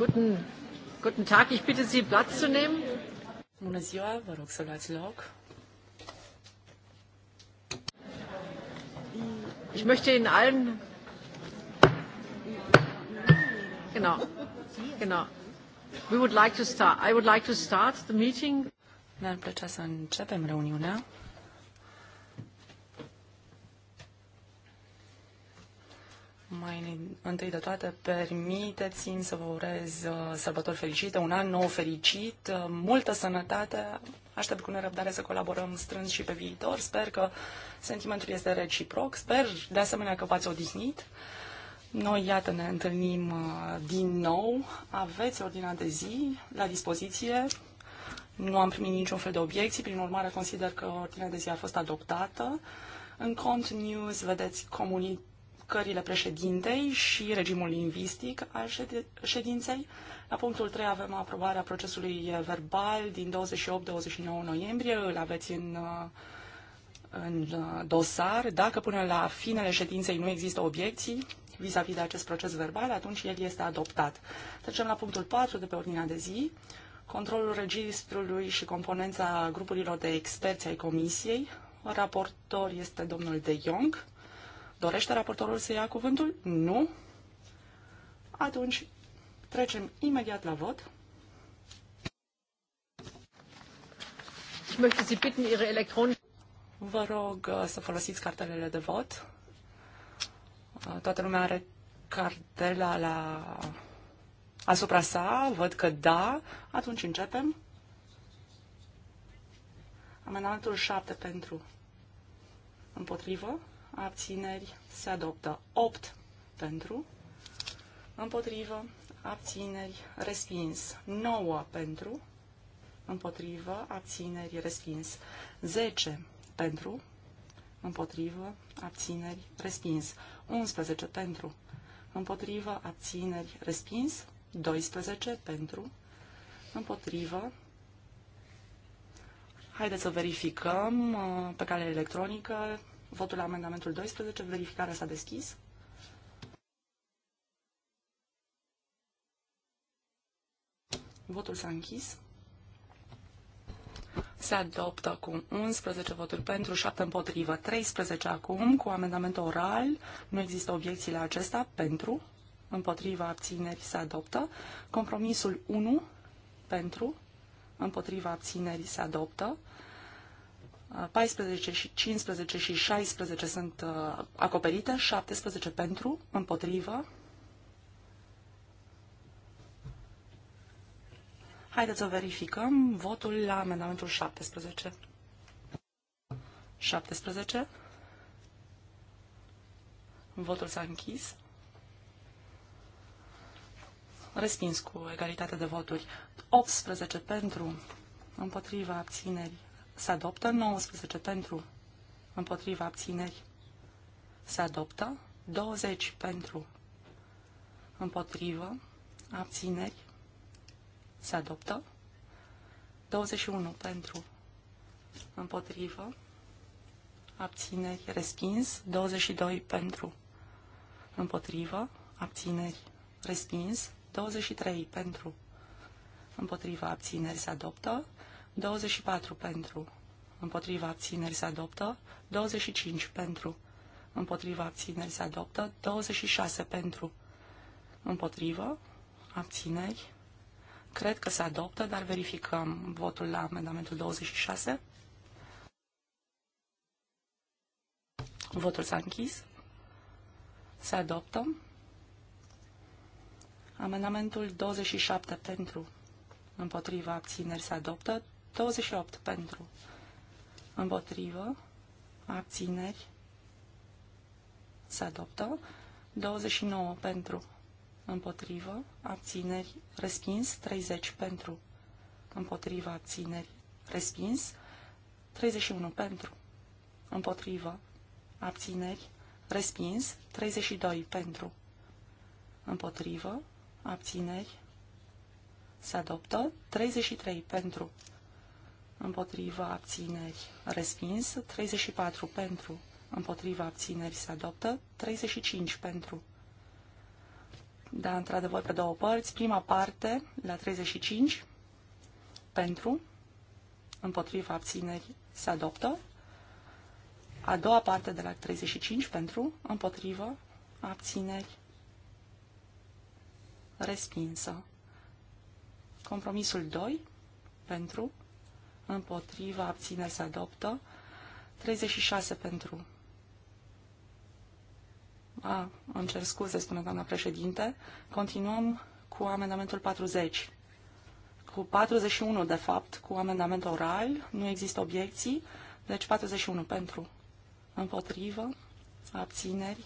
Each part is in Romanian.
Guten, guten Tag, ich bitte Sie, Platz zu nehmen. Bună ziua, vă rog să luați loc. Ich möchte Ihnen allen Genau. Genau. We would like to start. I would like to start the meeting. Ne-ar plăcea să începem reuniunea. mai întâi de toate, permiteți-mi să vă urez uh, sărbători fericite, un an nou fericit, uh, multă sănătate. Aștept cu nerăbdare să colaborăm strâns și pe viitor. Sper că sentimentul este reciproc. Sper, de asemenea, că v-ați odihnit. Noi, iată, ne întâlnim uh, din nou. Aveți ordinea de zi la dispoziție. Nu am primit niciun fel de obiecții, prin urmare consider că ordinea de zi a fost adoptată. În Cont News vedeți comunitatea modificările președintei și regimul lingvistic al ședinței. La punctul 3 avem aprobarea procesului verbal din 28-29 noiembrie. Îl aveți în, uh, în uh, dosar. Dacă până la finele ședinței nu există obiecții vis-a-vis -vis de acest proces verbal, atunci el este adoptat. Trecem la punctul 4 de pe ordinea de zi. Controlul registrului și componența grupurilor de experți ai Comisiei. Raportor este domnul De Jong. Dorește raportorul să ia cuvântul? Nu? Atunci trecem imediat la vot. Vă rog uh, să folosiți cartelele de vot. Uh, toată lumea are cartela la asupra sa. Văd că da. Atunci începem. Amendamentul 7 pentru împotrivă abțineri, se adoptă. 8 pentru, împotrivă, abțineri, respins. 9 pentru, împotrivă, abțineri, respins. 10 pentru, împotrivă, abțineri, respins. 11 pentru, împotrivă, abțineri, respins. 12 pentru, împotrivă. Haideți să verificăm uh, pe cale electronică. Votul la amendamentul 12. Verificarea s-a deschis. Votul s-a închis. Se adoptă cu 11 voturi pentru, 7 împotrivă, 13 acum, cu amendament oral. Nu există obiecții la acesta pentru, împotriva abținerii se adoptă. Compromisul 1 pentru, împotriva abținerii se adoptă. 14 și 15 și 16 sunt uh, acoperite, 17 pentru, împotrivă. Haideți să verificăm votul la amendamentul 17. 17. Votul s-a închis. Respins cu egalitate de voturi. 18 pentru, împotriva abținerii se adoptă, 19 pentru, împotriva abțineri, se adoptă, 20 pentru, împotriva abțineri, se adoptă, 21 pentru, împotriva abțineri, respins, 22 pentru, împotriva abțineri, respins, 23 pentru, împotriva abțineri se adoptă, 24 pentru, împotriva abțineri se adoptă, 25 pentru, împotriva abțineri se adoptă, 26 pentru, împotrivă, abțineri, cred că se adoptă, dar verificăm votul la amendamentul 26. Votul s-a închis. Se adoptă. Amendamentul 27 pentru, împotriva abțineri se adoptă, 28 pentru, împotrivă, abțineri, se adoptă. 29 pentru, împotrivă, abțineri, respins. 30 pentru, împotrivă, abțineri, respins. 31 pentru, împotrivă, abțineri, respins. 32 pentru, împotrivă, abțineri, se adoptă. 33 pentru, împotriva abțineri respins, 34 pentru, împotriva abțineri se adoptă, 35 pentru. Da, într-adevăr, pe două părți. Prima parte, la 35, pentru, împotriva abțineri se adoptă. A doua parte de la 35 pentru, împotriva abțineri, respinsă. Compromisul 2 pentru, împotriva, abține, se adoptă. 36 pentru. A, îmi cer scuze, spune doamna președinte. Continuăm cu amendamentul 40. Cu 41, de fapt, cu amendament oral, nu există obiecții, deci 41 pentru, împotrivă, abțineri.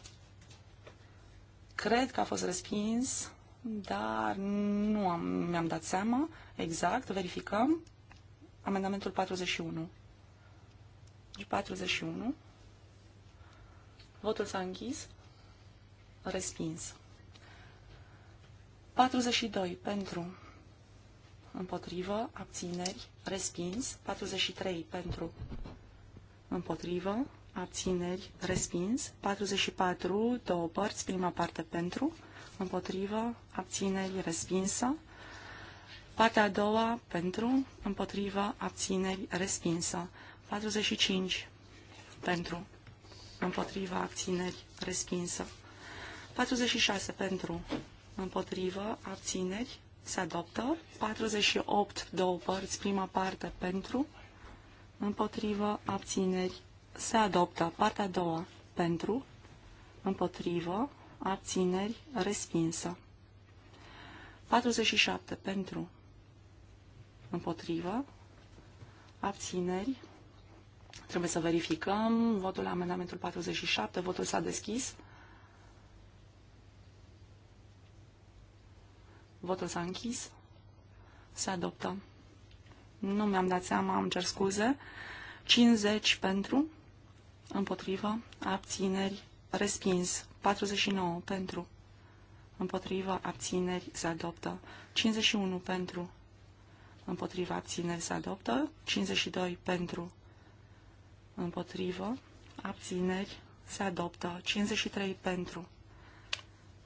Cred că a fost respins, dar nu am, mi-am dat seama exact, verificăm. Amendamentul 41. 41. Deci Votul s-a închis. Respins. 42 pentru, împotrivă, abțineri, respins. 43 pentru, împotrivă, abțineri, respins. 44, două părți, prima parte pentru, împotrivă, abțineri, respinsă. Partea a doua pentru, împotriva, abțineri, respinsă. 45 pentru, împotriva, abțineri, respinsă. 46 pentru, împotriva, abțineri, se adoptă. 48, două părți, prima parte pentru, împotriva, abțineri, se adoptă. Partea a doua pentru, împotrivă, abțineri, respinsă. 47 pentru, Împotrivă. Abțineri. Trebuie să verificăm. Votul la amendamentul 47. Votul s-a deschis. Votul s-a închis. Se adoptă. Nu mi-am dat seama, am cer scuze. 50 pentru, împotrivă, abțineri, respins. 49 pentru, împotrivă, abțineri, se adoptă. 51 pentru, împotriva abțineri se adoptă, 52 pentru, împotrivă, abțineri se adoptă, 53 pentru,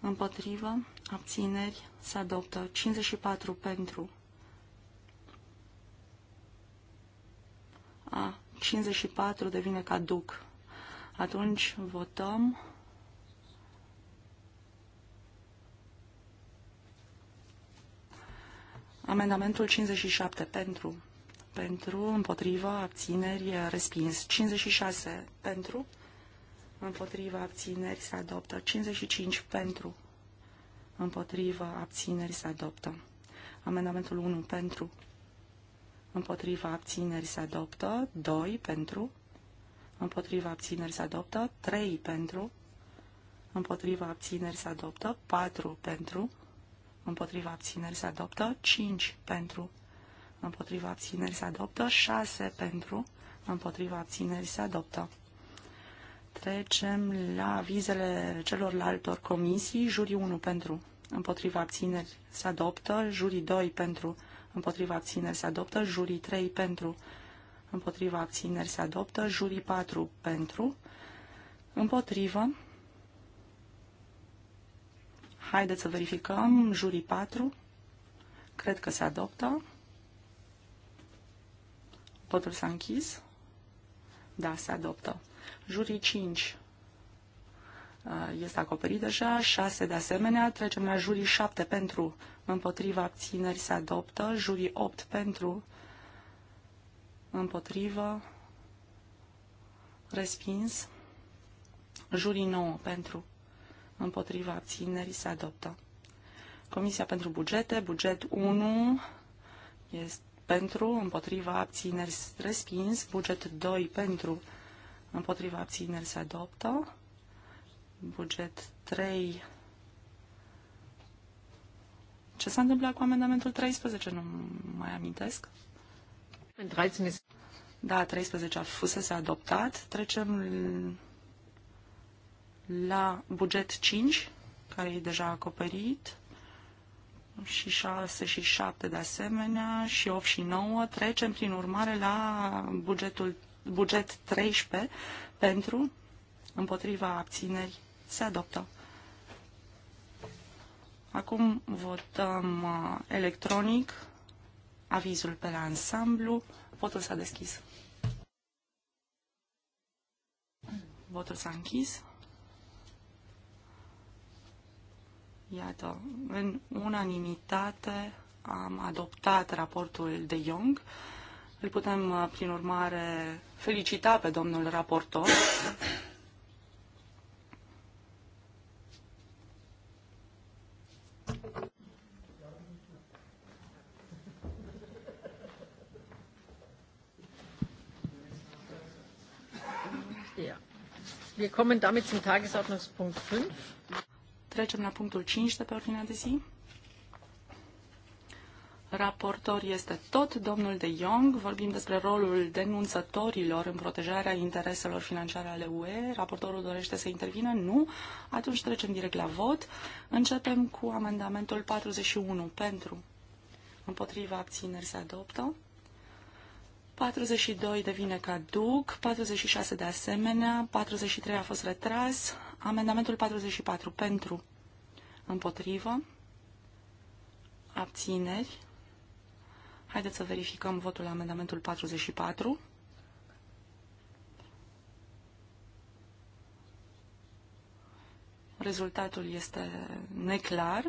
împotrivă, abțineri se adoptă, 54 pentru, a, 54 devine caduc. Atunci votăm Amendamentul 57 pentru. Pentru, împotriva, abțineri, respins. 56 pentru, împotriva, abțineri, se adoptă. 55 pentru, împotriva, abțineri, se adoptă. Amendamentul 1 pentru, împotriva, abțineri, se adoptă. 2 pentru, împotriva, abțineri, se adoptă. 3 pentru, împotriva, abțineri, se adoptă. 4 pentru, împotriva abțineri se adoptă, 5 pentru, împotriva abțineri se adoptă, 6 pentru, împotriva abțineri se adoptă. Trecem la vizele celorlaltor comisii, juri 1 pentru, împotriva abțineri se adoptă, juri 2 pentru, împotriva abțineri se adoptă, juri 3 pentru, împotriva abțineri se adoptă, juri 4 pentru, împotriva Haideți să verificăm. Jurii 4. Cred că se adoptă. Votul s-a închis. Da, se adoptă. Jurii 5 uh, este acoperit deja, 6 de asemenea. Trecem la jurii 7 pentru împotriva abțineri se adoptă, jurii 8 pentru împotriva respins, jurii 9 pentru împotriva abținerii se adoptă. Comisia pentru bugete, buget 1 este pentru, împotriva abțineri respins, buget 2 pentru, împotriva abțineri se adoptă, buget 3 ce s-a întâmplat cu amendamentul 13? Nu mai amintesc. Da, 13 a fusese adoptat. Trecem la buget 5, care e deja acoperit, și 6 și 7 de asemenea, și 8 și 9, trecem prin urmare la bugetul, buget 13 pentru, împotriva abțineri, se adoptă. Acum votăm uh, electronic avizul pe la ansamblu. Votul s-a deschis. Votul s-a închis. Iată, în unanimitate am adoptat raportul de Young. Îl putem, uh, prin urmare, felicita pe domnul raportor. Wir kommen damit zum Tagesordnungspunkt 5. Trecem la punctul 5 de pe ordinea de zi. Raportor este tot domnul de Jong. Vorbim despre rolul denunțătorilor în protejarea intereselor financiare ale UE. Raportorul dorește să intervină? Nu. Atunci trecem direct la vot. Începem cu amendamentul 41 pentru. Împotriva abțineri se adoptă. 42 devine caduc, 46 de asemenea, 43 a fost retras, amendamentul 44 pentru, împotrivă, abțineri. Haideți să verificăm votul la amendamentul 44. Rezultatul este neclar.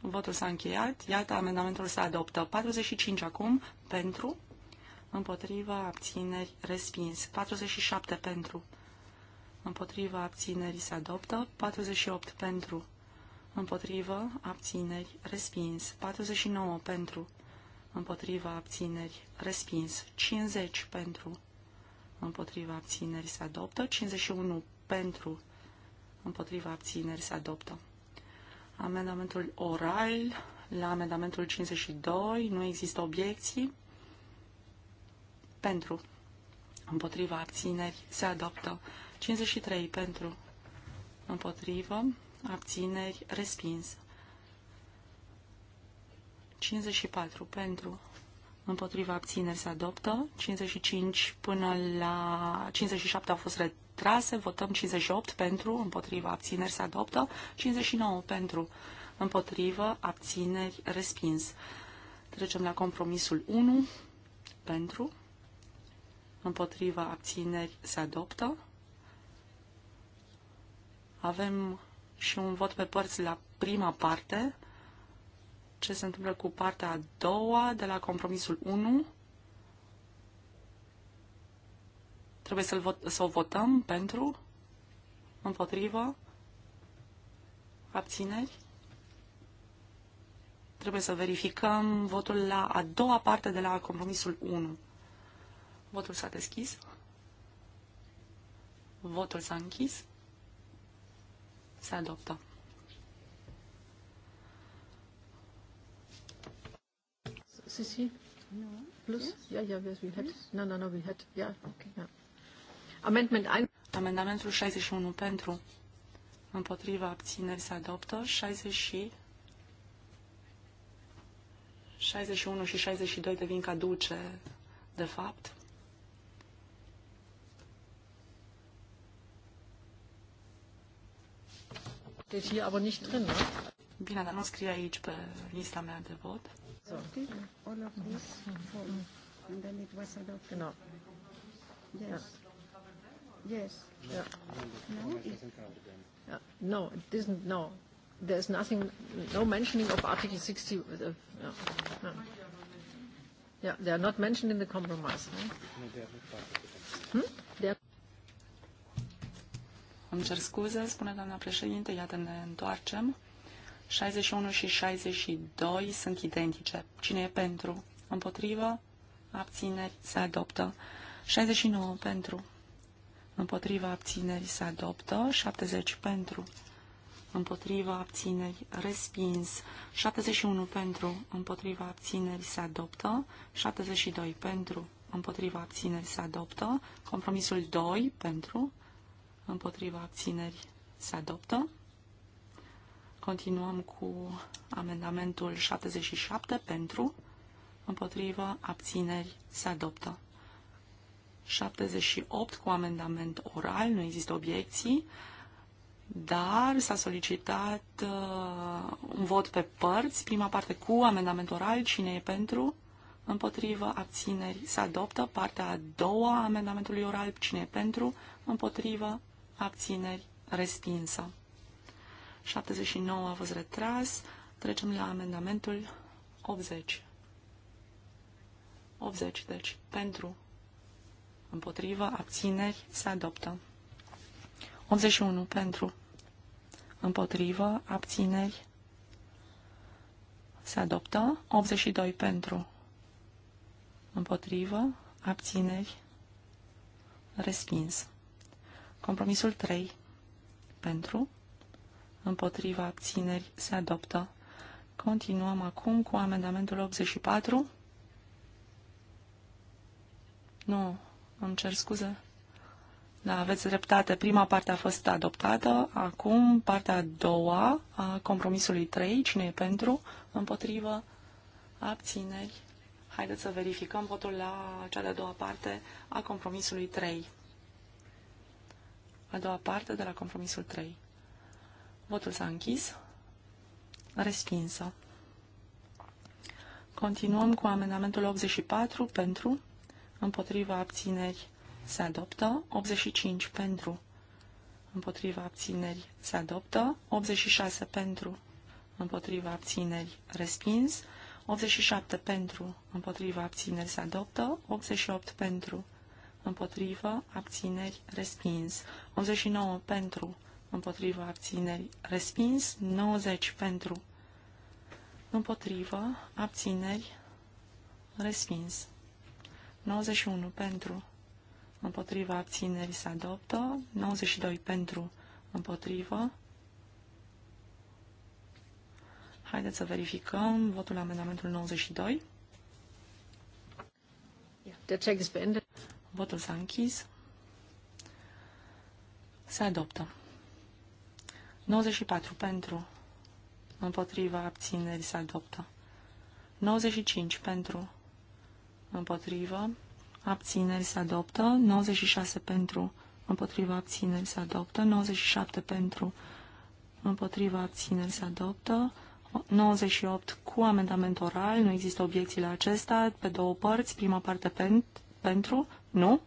Votul s-a încheiat. Iată, amendamentul se adoptă. 45 acum pentru, împotriva abțineri respins. 47 pentru, împotriva abțineri se adoptă. 48 pentru, împotriva abțineri respins. 49 pentru, împotriva abțineri respins. 50 pentru, împotriva abțineri se adoptă. 51 pentru, împotriva abțineri se adoptă. Amendamentul oral la amendamentul 52 nu există obiecții pentru, împotriva abțineri se adoptă. 53 pentru, împotrivă, abțineri respins. 54 pentru, împotriva abțineri se adoptă. 55 până la 57 au fost retrase. Votăm 58 pentru, împotriva abțineri se adoptă. 59 pentru, împotrivă, abțineri respins. Trecem la compromisul 1 pentru, împotriva abțineri se adoptă. Avem și un vot pe părți la prima parte. Ce se întâmplă cu partea a doua de la compromisul 1? Trebuie să vot, să o votăm pentru, împotrivă, abțineri. Trebuie să verificăm votul la a doua parte de la compromisul 1. Votul s-a deschis. Votul s-a închis. Se adoptă. Sisi? No. Plus? Yes? Yeah, yeah, yes, we had. No, no, no, we had. Yeah. Okay. Yeah. Amendment 1. Amendamentul 61 pentru. Împotriva abțineri se adoptă. 60 și 61 și 62 devin caduce, de fapt. Steht hier aber nicht drin, ne? Bine, dar nu scrie aici pe lista mea de vot. So. All of this And then it was adopted. Genau. Yes. Yes. Yeah. No, it, yeah. no, there is nothing, no mentioning of Article 60. Uh, yeah. Yeah. yeah, they are not mentioned in the compromise. No? Hmm? They are îmi cer scuze, spune doamna președinte, iată ne întoarcem. 61 și 62 sunt identice. Cine e pentru? Împotrivă? Abțineri? Se adoptă. 69 pentru. Împotrivă? Abțineri? se adoptă. 70 pentru. Împotrivă? Abțineri? respins. 71 pentru. Împotrivă? Abțineri? se adoptă. 72 pentru. Împotrivă? Abțineri? se adoptă. Compromisul 2 pentru împotriva abțineri se adoptă. Continuăm cu amendamentul 77 pentru, împotriva abțineri se adoptă. 78 cu amendament oral, nu există obiecții, dar s-a solicitat uh, un vot pe părți, prima parte cu amendament oral, cine e pentru, împotrivă, abțineri, se adoptă, partea a doua amendamentului oral, cine e pentru, împotrivă, abțineri, respinsă. 79 a fost retras. Trecem la amendamentul 80. 80, deci, pentru, împotrivă, abțineri, se adoptă. 81, pentru, împotrivă, abțineri, se adoptă. 82, pentru, împotrivă, abțineri, respinsă. Compromisul 3 pentru, împotriva abțineri se adoptă. Continuăm acum cu amendamentul 84. Nu, îmi cer scuze. Da, aveți dreptate. Prima parte a fost adoptată, acum partea a doua a compromisului 3. Cine e pentru? Împotrivă? Abțineri? Haideți să verificăm votul la cea de-a doua parte a compromisului 3 a doua parte de la compromisul 3. Votul s-a închis. Respinsă. Continuăm cu amendamentul 84 pentru, împotriva abțineri se adoptă, 85 pentru, împotriva abțineri se adoptă, 86 pentru, împotriva abțineri respins, 87 pentru, împotriva abțineri se adoptă, 88 pentru, împotrivă, abțineri, respins. 89 pentru, împotrivă, abțineri, respins. 90 pentru, împotrivă, abțineri, respins. 91 pentru, împotrivă, abțineri, se adoptă, 92 pentru, împotrivă. Haideți să verificăm votul amendamentul 92. check Votul s-a închis. Se adoptă. 94 pentru. Împotriva abțineri se adoptă. 95 pentru. Împotrivă. Abțineri se adoptă. 96 pentru. Împotriva abțineri se adoptă. 97 pentru. Împotriva abțineri se adoptă. 98 cu amendament oral. Nu există obiecții la acesta. Pe două părți. Prima parte pen, pentru. Nu?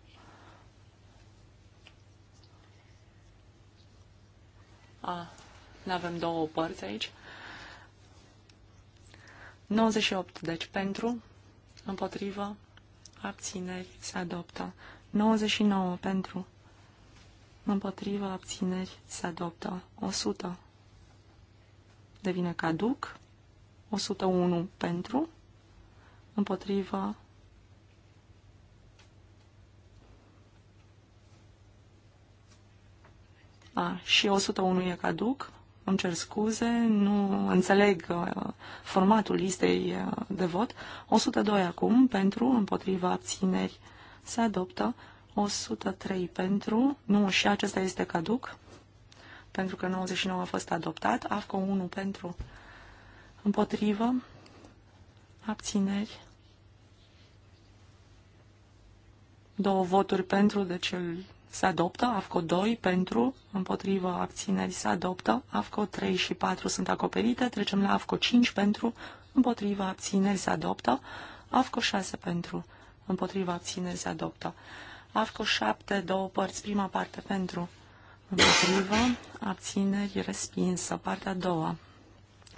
A, nu avem două părți aici. 98, deci pentru, împotrivă, abțineri, se adoptă. 99 pentru, împotrivă, abțineri, se adoptă. 100 devine caduc. 101 pentru, împotrivă, A, și 101 e caduc. Îmi cer scuze, nu înțeleg uh, formatul listei uh, de vot. 102 acum pentru, împotriva abțineri se adoptă. 103 pentru, nu, și acesta este caduc, pentru că 99 a fost adoptat. AFCO 1 pentru, împotrivă, abțineri. Două voturi pentru, deci îl se adoptă, AFCO 2 pentru, împotrivă, abțineri se adoptă, AFCO 3 și 4 sunt acoperite, trecem la AFCO 5 pentru, împotrivă, abțineri se adoptă, AFCO 6 pentru, împotrivă, abțineri se adoptă, AFCO 7, două părți, prima parte pentru, împotrivă, abțineri respinsă, partea a doua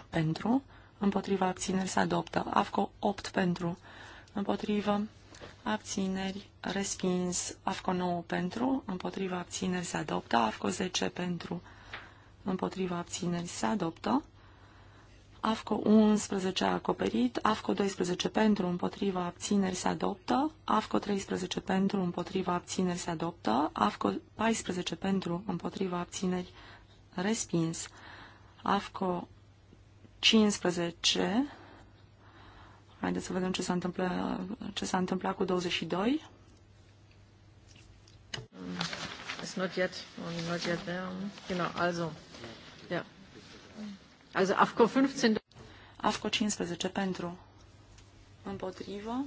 pentru, împotrivă, abțineri se adoptă, AFCO 8 pentru, împotrivă, abțineri, respins, AFCO 9 pentru, împotriva abțineri se adoptă, AFCO 10 pentru, împotriva abțineri se adoptă, AFCO 11 a acoperit, AFCO 12 pentru, împotriva abțineri se adoptă, AFCO 13 pentru, împotriva abțineri se adoptă, AFCO 14 pentru, împotriva abțineri respins, AFCO 15 Haideți să vedem ce s-a întâmplat, ce s-a cu 22. Ist notiert und notiert werden. Genau, also. Ja. Also AFCO 15. AFCO 15 pentru. Împotrivă.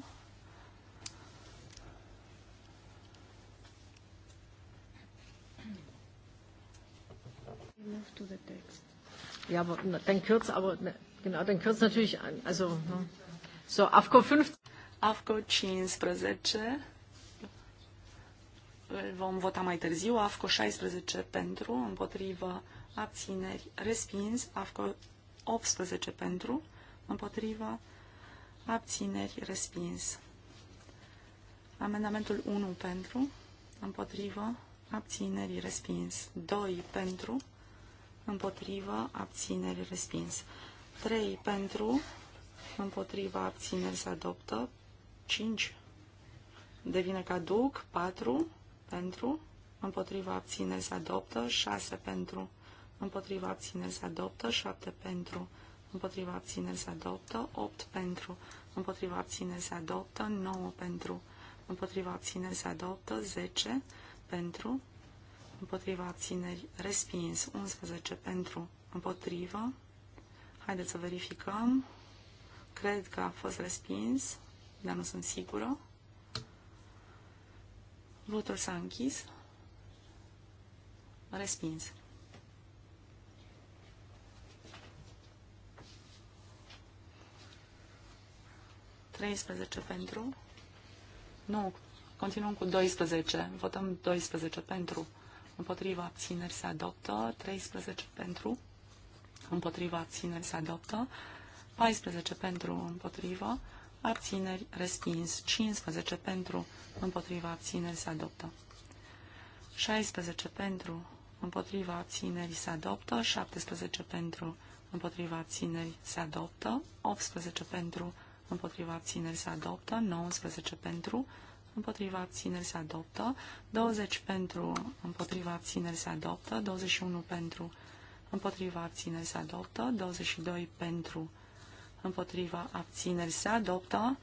Ja, aber dann kürzt aber genau, dann kürzt natürlich also ne? So, AFCO 15. AFCO 15 îl vom vota mai târziu. AFCO 16 pentru, împotrivă, abțineri, respins. AFCO 18 pentru, împotrivă, abțineri, respins. Amendamentul 1 pentru, împotrivă, abțineri, respins. 2 pentru, împotrivă, abțineri, respins. 3 pentru, împotriva abțineri se adoptă, 5 devine caduc, 4 pentru, împotriva abțineri se adoptă, 6 pentru, împotriva abțineri se adoptă, 7 pentru, împotriva abțineri se adoptă, 8 pentru, împotriva abțineri se adoptă, 9 pentru, împotriva abțineri se adoptă, 10 pentru, împotriva abțineri respins, 11 pentru, împotrivă, haideți să verificăm, Cred că a fost respins, dar nu sunt sigură. Votul s-a închis. Respins. Treisprezece pentru. Nu. Continuăm cu 12. Votăm 12 pentru. Împotriva abțineri se adoptă. 13 pentru. Împotriva abțineri se adoptă. 14 pentru împotrivă, abțineri respins. 15 pentru împotriva abțineri se adoptă. 16 pentru împotriva abțineri, se adoptă, 17 pentru împotriva abțineri, se adoptă, 18 pentru împotriva abțineri, se adoptă, 19 pentru împotriva abțineri, se adoptă, 20 pentru împotriva abțineri, se adoptă, 21 pentru împotriva abțineri, se adoptă, 22 pentru împotriva abținerii se adoptă.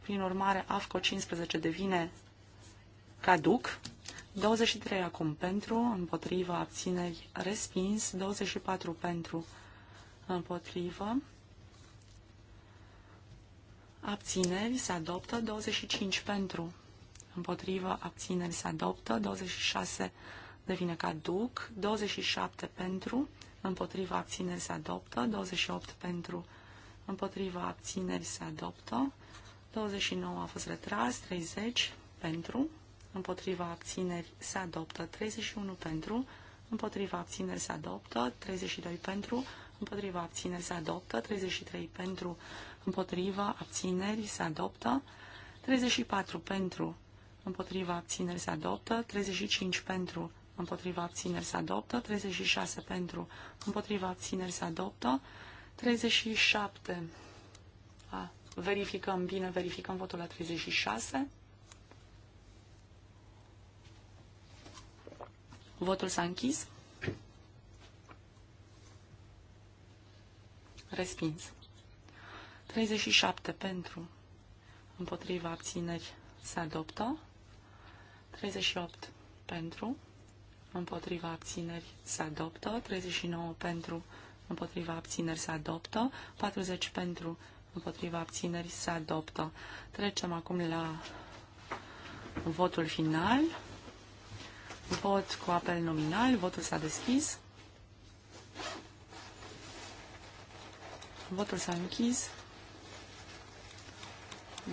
Prin urmare, AFCO 15 devine caduc. 23 acum pentru, împotriva abținerii respins, 24 pentru, împotriva Abțineri se adoptă 25 pentru. împotriva abțineri se adoptă 26 devine caduc, 27 pentru împotriva abțineri se adoptă, 28 pentru, împotriva abțineri se adoptă, 29 a fost retras, 30 pentru, împotriva abțineri se adoptă, 31 pentru, împotriva abțineri se adoptă, 32 pentru, împotriva abțineri se adoptă, 33 pentru, împotriva abțineri se adoptă, 34 pentru, împotriva abțineri se adoptă, 35 pentru, împotriva abțineri se adoptă, 36 pentru, împotriva abțineri se adoptă, 37. A, verificăm bine, verificăm votul la 36. Votul s-a închis. Respins. 37 pentru, împotriva abțineri se adoptă, 38 pentru, împotriva abțineri se adoptă, 39 pentru, împotriva abțineri se adoptă, 40 pentru, împotriva abțineri se adoptă. Trecem acum la votul final. Vot cu apel nominal, votul s-a deschis. Votul s-a închis.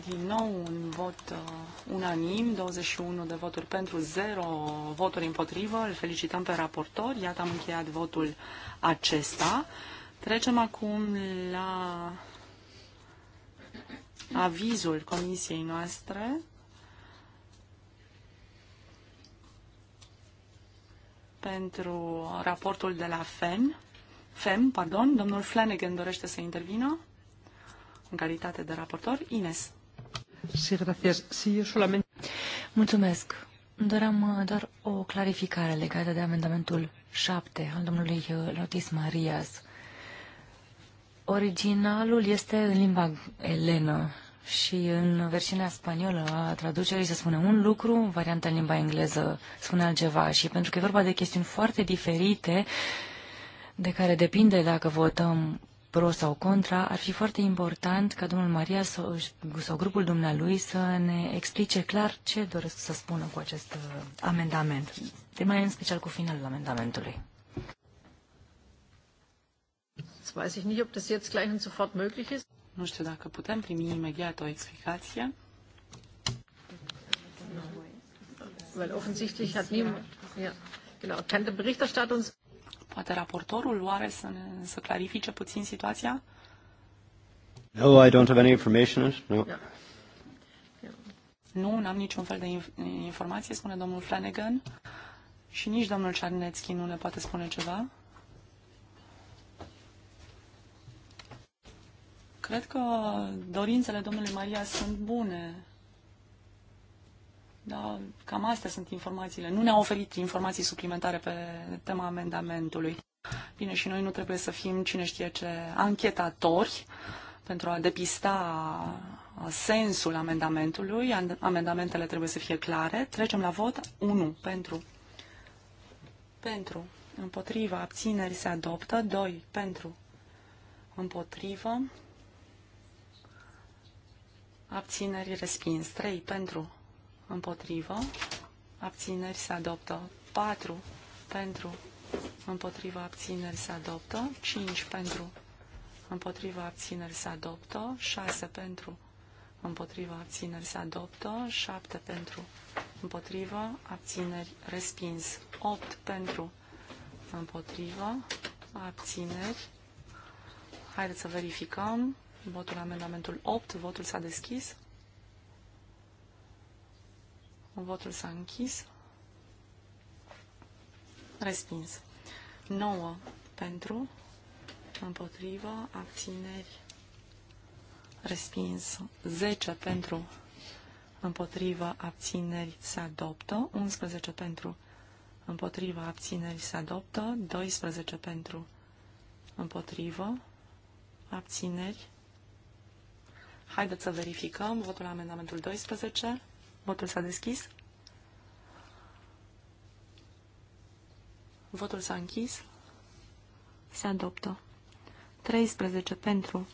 Din nou un vot uh, unanim, 21 de voturi pentru, 0 voturi împotrivă. Îl felicităm pe raportor. Iată, am încheiat votul acesta. Trecem acum la avizul comisiei noastre. pentru raportul de la FEM. FEM, pardon, domnul Flanagan dorește să intervină în calitate de raportor. Ines. Mulțumesc. Doream uh, doar o clarificare legată de amendamentul 7 al domnului uh, Lotis Marias. Originalul este în limba elenă și în versiunea spaniolă a traducerii se spune un lucru, în varianta în limba engleză spune altceva și pentru că e vorba de chestiuni foarte diferite de care depinde dacă votăm pro sau contra, ar fi foarte important ca domnul Maria sau, sau grupul dumnealui să ne explice clar ce doresc să spună cu acest uh, amendament, de mai în special cu finalul amendamentului. Nu știu dacă putem primi imediat o explicație. Weil offensichtlich hat niemand, ja, genau, kann der Berichterstatter uns Poate raportorul oare să, ne, să clarifice puțin situația? No, I don't have any information. No. no. Nu, n-am niciun fel de inf- informație, spune domnul Flanagan. Și nici domnul Cernețchi nu ne poate spune ceva. Cred că dorințele domnului Maria sunt bune. Da, cam astea sunt informațiile. Nu ne-a oferit informații suplimentare pe tema amendamentului. Bine, și noi nu trebuie să fim cine știe ce anchetatori pentru a depista sensul amendamentului. Amendamentele trebuie să fie clare. Trecem la vot. 1. Pentru. Pentru. Împotriva. Abțineri se adoptă. 2. Pentru. Împotrivă. Abțineri respins. 3. Pentru împotrivă, abțineri se adoptă. 4 pentru, împotrivă, abțineri se adoptă. 5 pentru, împotrivă, abțineri se adoptă. 6 pentru, împotrivă, abțineri se adoptă. 7 pentru, împotrivă, abțineri respins. 8 pentru, împotrivă, abțineri. Haideți să verificăm. Votul amendamentul 8, votul s-a deschis. Votul s-a închis. Respins. 9 pentru, împotrivă, abțineri, respins. 10 pentru, împotrivă, abțineri, se adoptă. 11 pentru, împotrivă, abțineri, se adoptă. 12 pentru, împotrivă, abțineri. Haideți să verificăm votul amendamentul 12. Votul s-a deschis. Votul s-a închis. Se adoptă. 13 pentru.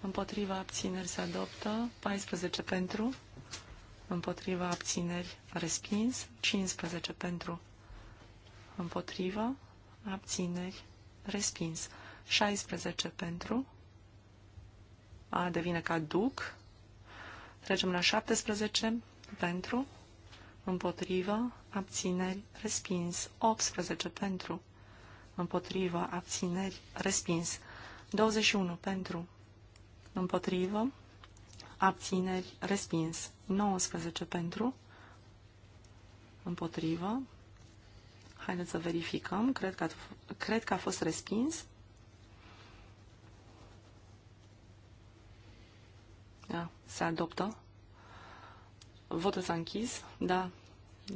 Împotriva abțineri se adoptă. 14 pentru. Împotriva abțineri respins. 15 pentru. Împotriva abțineri respins. 16 pentru. A devine caduc. Trecem la 17 pentru, împotrivă, abțineri, respins. 18 pentru, împotrivă, abțineri, respins. 21 pentru, împotrivă, abțineri, respins. 19 pentru, împotrivă. Haideți să verificăm. Cred că a, cred că a fost respins. Da, se adoptă. Votul s-a închis. Da.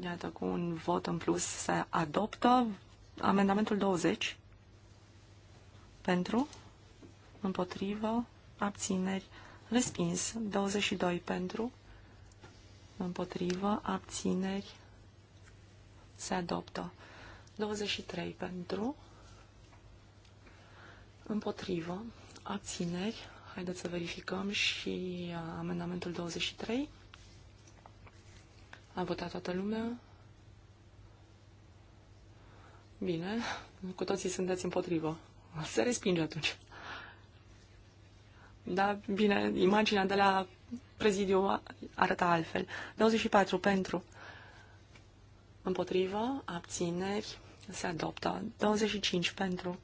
Iată, cu un vot în plus se adoptă amendamentul 20. Pentru. Împotrivă. Abțineri. Respins. 22 pentru. Împotrivă. Abțineri. Se adoptă. 23 pentru. Împotrivă. Abțineri. Haideți să verificăm și uh, amendamentul 23. A votat toată lumea? Bine, cu toții sunteți împotrivă. Se respinge atunci. Da, bine, imaginea de la prezidiu arăta altfel. 24 pentru, împotrivă, abțineri, se adoptă. 25 pentru,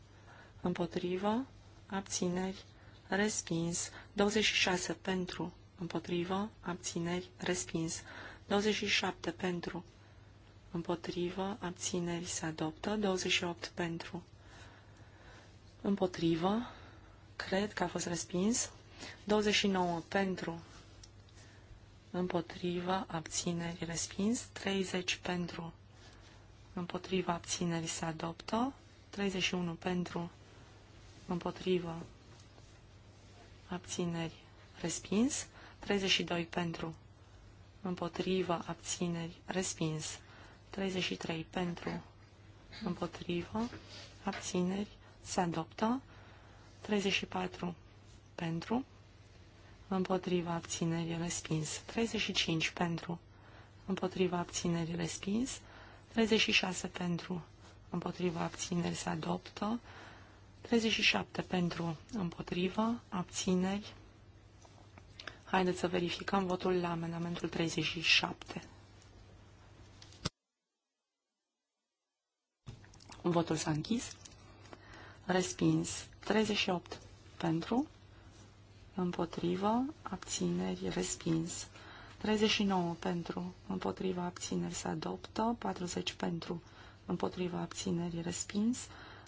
împotrivă, abțineri, respins. 26 pentru, împotrivă, abțineri, respins. 27 pentru, împotrivă, abțineri se adoptă, 28 pentru, împotrivă, cred că a fost respins, 29 pentru, împotrivă, abțineri respins, 30 pentru, Împotrivă, abțineri se adoptă, 31 pentru, împotrivă, abțineri respins, 32 pentru, împotriva, abțineri, respins. 33 pentru, împotriva, abțineri, se adoptă. 34 pentru, împotriva, abțineri, respins. 35 pentru, împotriva, abțineri, respins. 36 pentru, împotriva, abțineri, se adoptă. 37 pentru, împotriva, abțineri, Haideți să verificăm votul la amendamentul 37. Votul s-a închis. Respins 38 pentru, împotrivă, abțineri, respins. 39 pentru, împotrivă, abțineri se adoptă, 40 pentru, împotrivă, abțineri respins,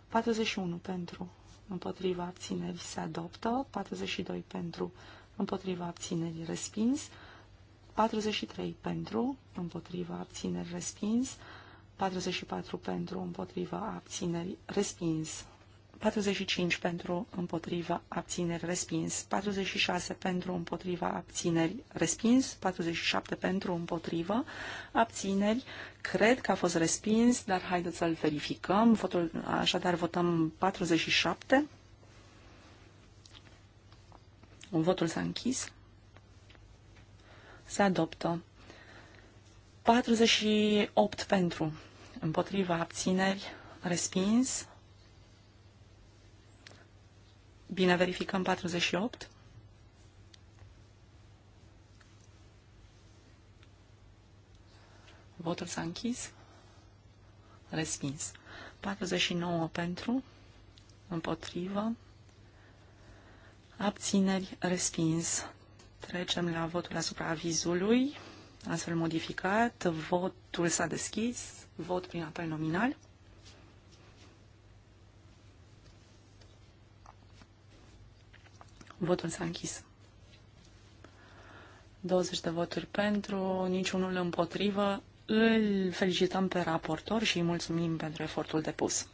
41 pentru, împotriva abțineri se adoptă, 42 pentru, împotriva abținerii respins, 43 pentru, împotriva abținerii respins, 44 pentru, împotriva abținerii respins, 45 pentru, împotriva abținerii respins, 46 pentru, împotriva abținerii respins, 47 pentru, împotriva abțineri. Cred că a fost respins, dar haideți să-l verificăm. Votul, așadar, votăm 47. Votul s-a închis. Se adoptă. 48 pentru. Împotriva abțineri. Respins. Bine, verificăm 48. Votul s-a închis. Respins. 49 pentru. Împotrivă. Abțineri respins. Trecem la votul asupra avizului, astfel modificat. Votul s-a deschis, vot prin apel nominal. Votul s-a închis. 20 de voturi pentru, niciunul împotrivă. Îl felicităm pe raportor și îi mulțumim pentru efortul depus.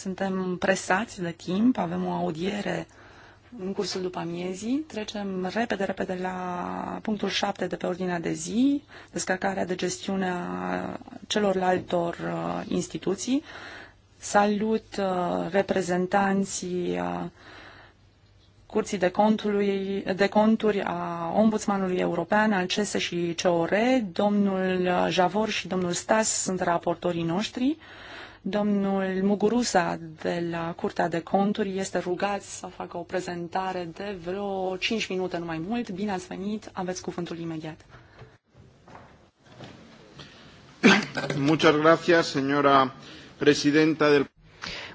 Suntem presați de timp, avem o audiere în cursul după amiezii. Trecem repede, repede la punctul 7 de pe ordinea de zi, descărcarea de gestiune a celorlaltor uh, instituții. Salut uh, reprezentanții uh, Curții de, contului, de Conturi a Ombudsmanului European, al CESE și COR, domnul uh, Javor și domnul Stas sunt raportorii noștri. Uh, Domnul Mugurusa de la Curtea de Conturi este rugat să facă o prezentare de vreo 5 minute, nu mai mult. Bine ați venit, aveți cuvântul imediat. Muchas gracias, señora presidenta del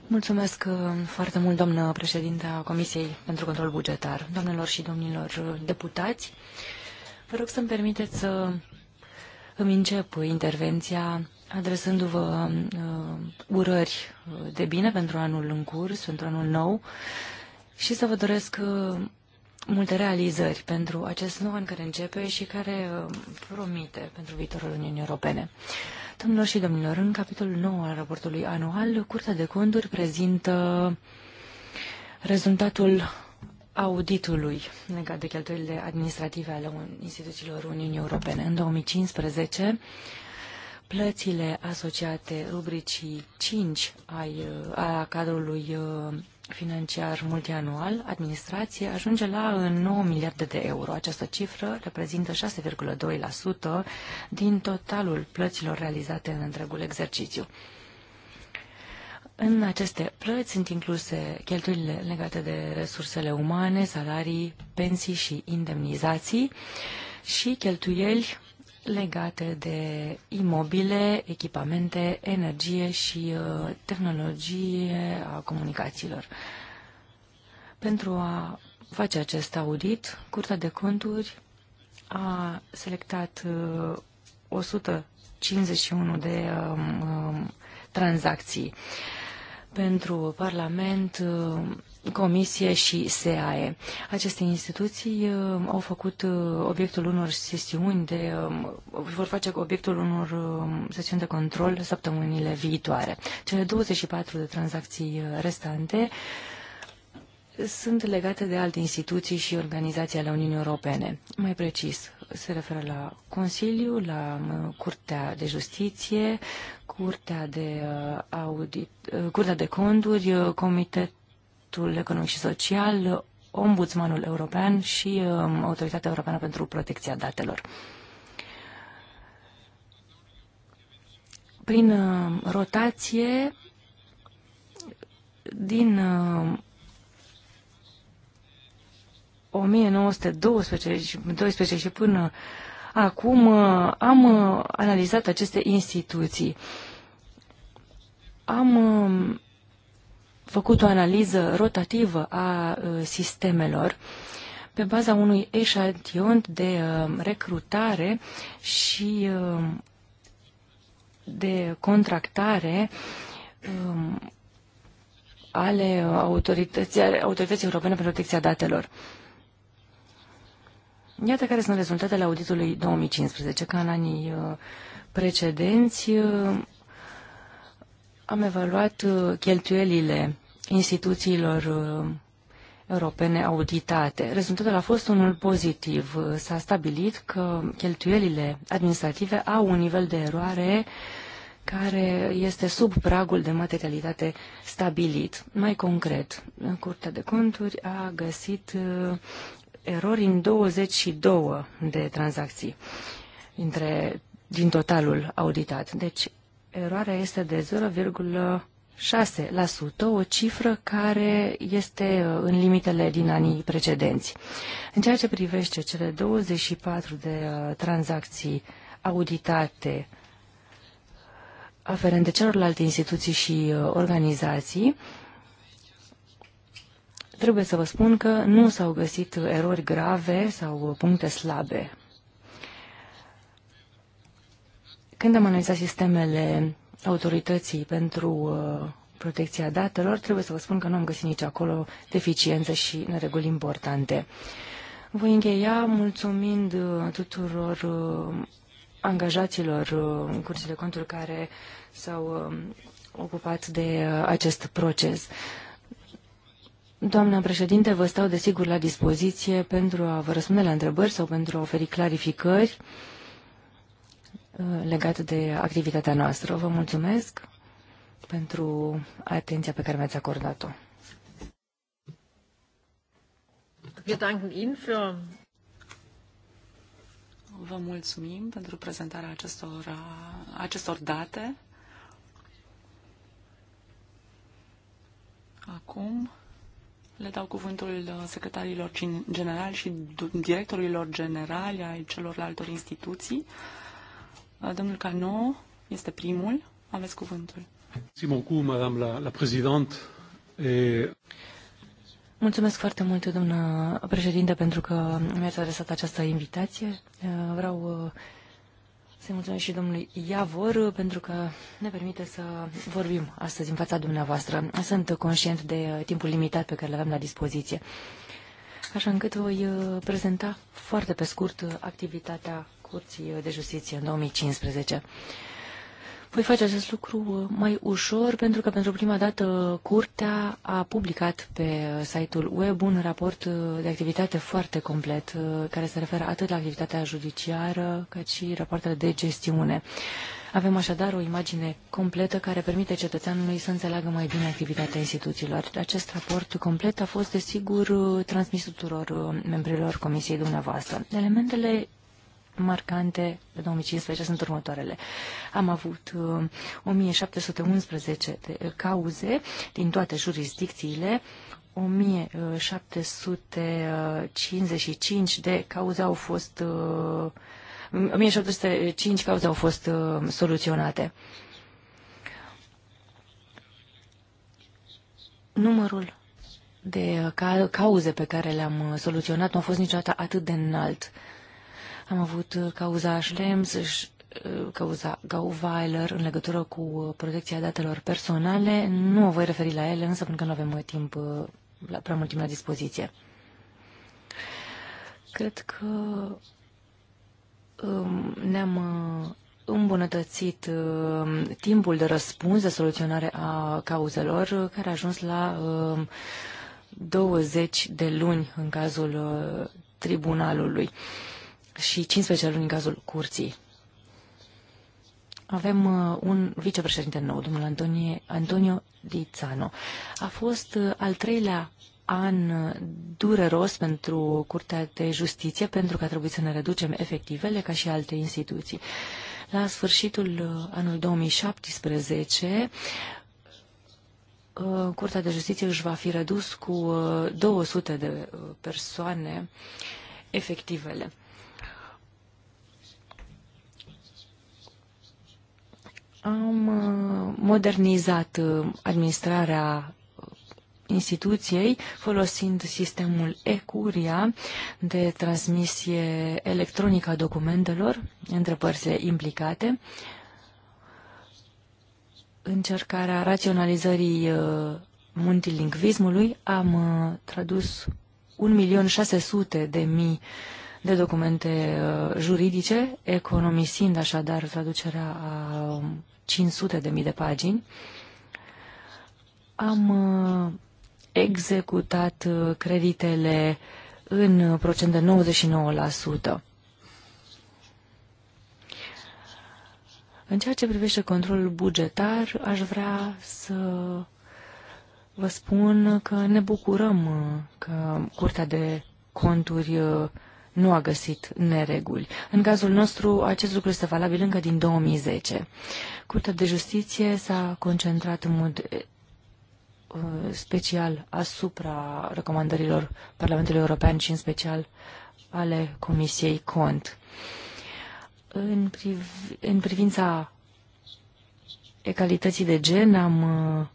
Mulțumesc uh, foarte mult, doamnă președinte a Comisiei pentru Control Bugetar, doamnelor și domnilor deputați. Vă rog să-mi permiteți să îmi încep intervenția adresându-vă uh, urări uh, de bine pentru anul în curs, pentru anul nou și să vă doresc uh, multe realizări pentru acest nou an care începe și care uh, promite pentru viitorul Uniunii Europene. Domnilor și domnilor, în capitolul 9 al raportului anual, Curtea de Conturi prezintă rezultatul auditului legat de cheltuielile administrative ale instituțiilor Uniunii Europene. În 2015, plățile asociate rubricii 5 ai, a cadrului uh, financiar multianual, administrație, ajunge la 9 uh, miliarde de euro. Această cifră reprezintă 6,2% din totalul plăților realizate în întregul exercițiu. În aceste plăți sunt incluse cheltuielile legate de resursele umane, salarii, pensii și indemnizații și cheltuieli legate de imobile, echipamente, energie și uh, tehnologie a comunicațiilor. Pentru a face acest audit, Curtea de Conturi a selectat 151 uh, de um, um, tranzacții. Pentru Parlament, uh, Comisie și SEAE. Aceste instituții uh, au făcut uh, obiectul unor sesiuni de, uh, vor face obiectul unor uh, sesiuni de control săptămânile viitoare. Cele 24 de tranzacții uh, restante sunt legate de alte instituții și organizații ale Uniunii Europene. Mai precis, se referă la Consiliu, la um, Curtea de Justiție, Curtea de, uh, audit, uh, Curtea de Conturi, Comitet Comitetul Economic și Social, Ombudsmanul European și um, Autoritatea Europeană pentru Protecția Datelor. Prin um, rotație, din 1912 um, și, și până acum uh, am uh, analizat aceste instituții. Am făcut o analiză rotativă a uh, sistemelor pe baza unui eșantion de uh, recrutare și um, de contractare um, ale autorității, autorității europene pentru protecția datelor. Iată care sunt rezultatele auditului 2015, ca în anii uh, precedenți, am evaluat uh, cheltuielile instituțiilor uh, europene auditate. Rezultatul a fost unul pozitiv. S-a stabilit că cheltuielile administrative au un nivel de eroare care este sub pragul de materialitate stabilit. Mai concret, Curtea de Conturi a găsit uh, erori în 22 de tranzacții dintre, din totalul auditat. Deci eroarea este de 0,6%, o cifră care este uh, în limitele din anii precedenți. În ceea ce privește cele 24 de uh, tranzacții auditate aferente celorlalte instituții și uh, organizații, trebuie să vă spun că nu s-au găsit erori grave sau puncte slabe Când am analizat sistemele autorității pentru uh, protecția datelor, trebuie să vă spun că nu am găsit nici acolo deficiențe și nereguli importante. Voi încheia mulțumind uh, tuturor uh, angajaților curții de conturi care s-au ocupat de acest proces. Doamna președinte, vă stau desigur la dispoziție pentru a vă răspunde la întrebări sau pentru a oferi clarificări. Uh, legat de activitatea noastră. Vă mulțumesc pentru atenția pe care mi-ați acordat-o. Vă mulțumim pentru prezentarea acestor, uh, acestor date. Acum le dau cuvântul uh, secretarilor generali și directorilor generali ai celorlalte instituții. Uh, domnul Cano este primul. Aveți cuvântul. Mulțumesc foarte mult, doamnă președinte, pentru că mi-ați adresat această invitație. Uh, vreau uh, să-i mulțumesc și domnului Iavor pentru că ne permite să vorbim astăzi în fața dumneavoastră. Sunt conștient de timpul limitat pe care l avem la dispoziție, așa încât voi prezenta foarte pe scurt activitatea Curții de Justiție în 2015. Voi face acest lucru uh, mai ușor pentru că pentru prima dată Curtea a publicat pe uh, site-ul web un raport uh, de activitate foarte complet care se referă atât la activitatea judiciară cât și rapoartele de gestiune. Avem așadar o imagine completă care permite cetățeanului să înțeleagă mai bine activitatea instituțiilor. Acest raport complet a fost, desigur, transmis tuturor membrilor Comisiei dumneavoastră. Elementele marcante pe 2015 sunt următoarele. Am avut 1711 uh, de uh, cauze din toate jurisdicțiile, 1755 de cauze au fost 1705 uh, cauze au fost soluționate. Numărul de cauze pe care le-am soluționat nu a fost niciodată atât de înalt. Am avut uh, cauza Schlems, uh, cauza Gauweiler în legătură cu uh, protecția datelor personale. Nu mă voi referi la ele, însă pentru că nu avem timp, la, prea mult timp la dispoziție. Cred că um, ne-am îmbunătățit timpul de răspuns, de soluționare a cauzelor, care a ajuns la 20 um, de luni în cazul tribunalului și 15 luni în cazul curții. Avem uh, un vicepreședinte nou, domnul Antonie, Antonio Dizano. A fost uh, al treilea an uh, dureros pentru Curtea de Justiție, pentru că a trebuit să ne reducem efectivele ca și alte instituții. La sfârșitul anului 2017, Curtea de Justiție își va fi redus cu 200 de persoane efectivele. Am uh, modernizat uh, administrarea instituției folosind sistemul ecuria de transmisie electronică a documentelor între părțile implicate, încercarea raționalizării uh, multilingvismului, am tradus 1.600.000 de documente juridice, economisind așadar traducerea a um, 500 de mii de pagini. Am uh, executat uh, creditele în procent de 99%. În ceea ce privește controlul bugetar, aș vrea să vă spun că ne bucurăm uh, că Curtea de Conturi nu a găsit nereguli. În cazul nostru, acest lucru este valabil încă din 2010. Curtea de Justiție s-a concentrat în mod eh, special asupra recomandărilor Parlamentului European și în special ale Comisiei Cont. În, priv- în privința egalității de gen am eh,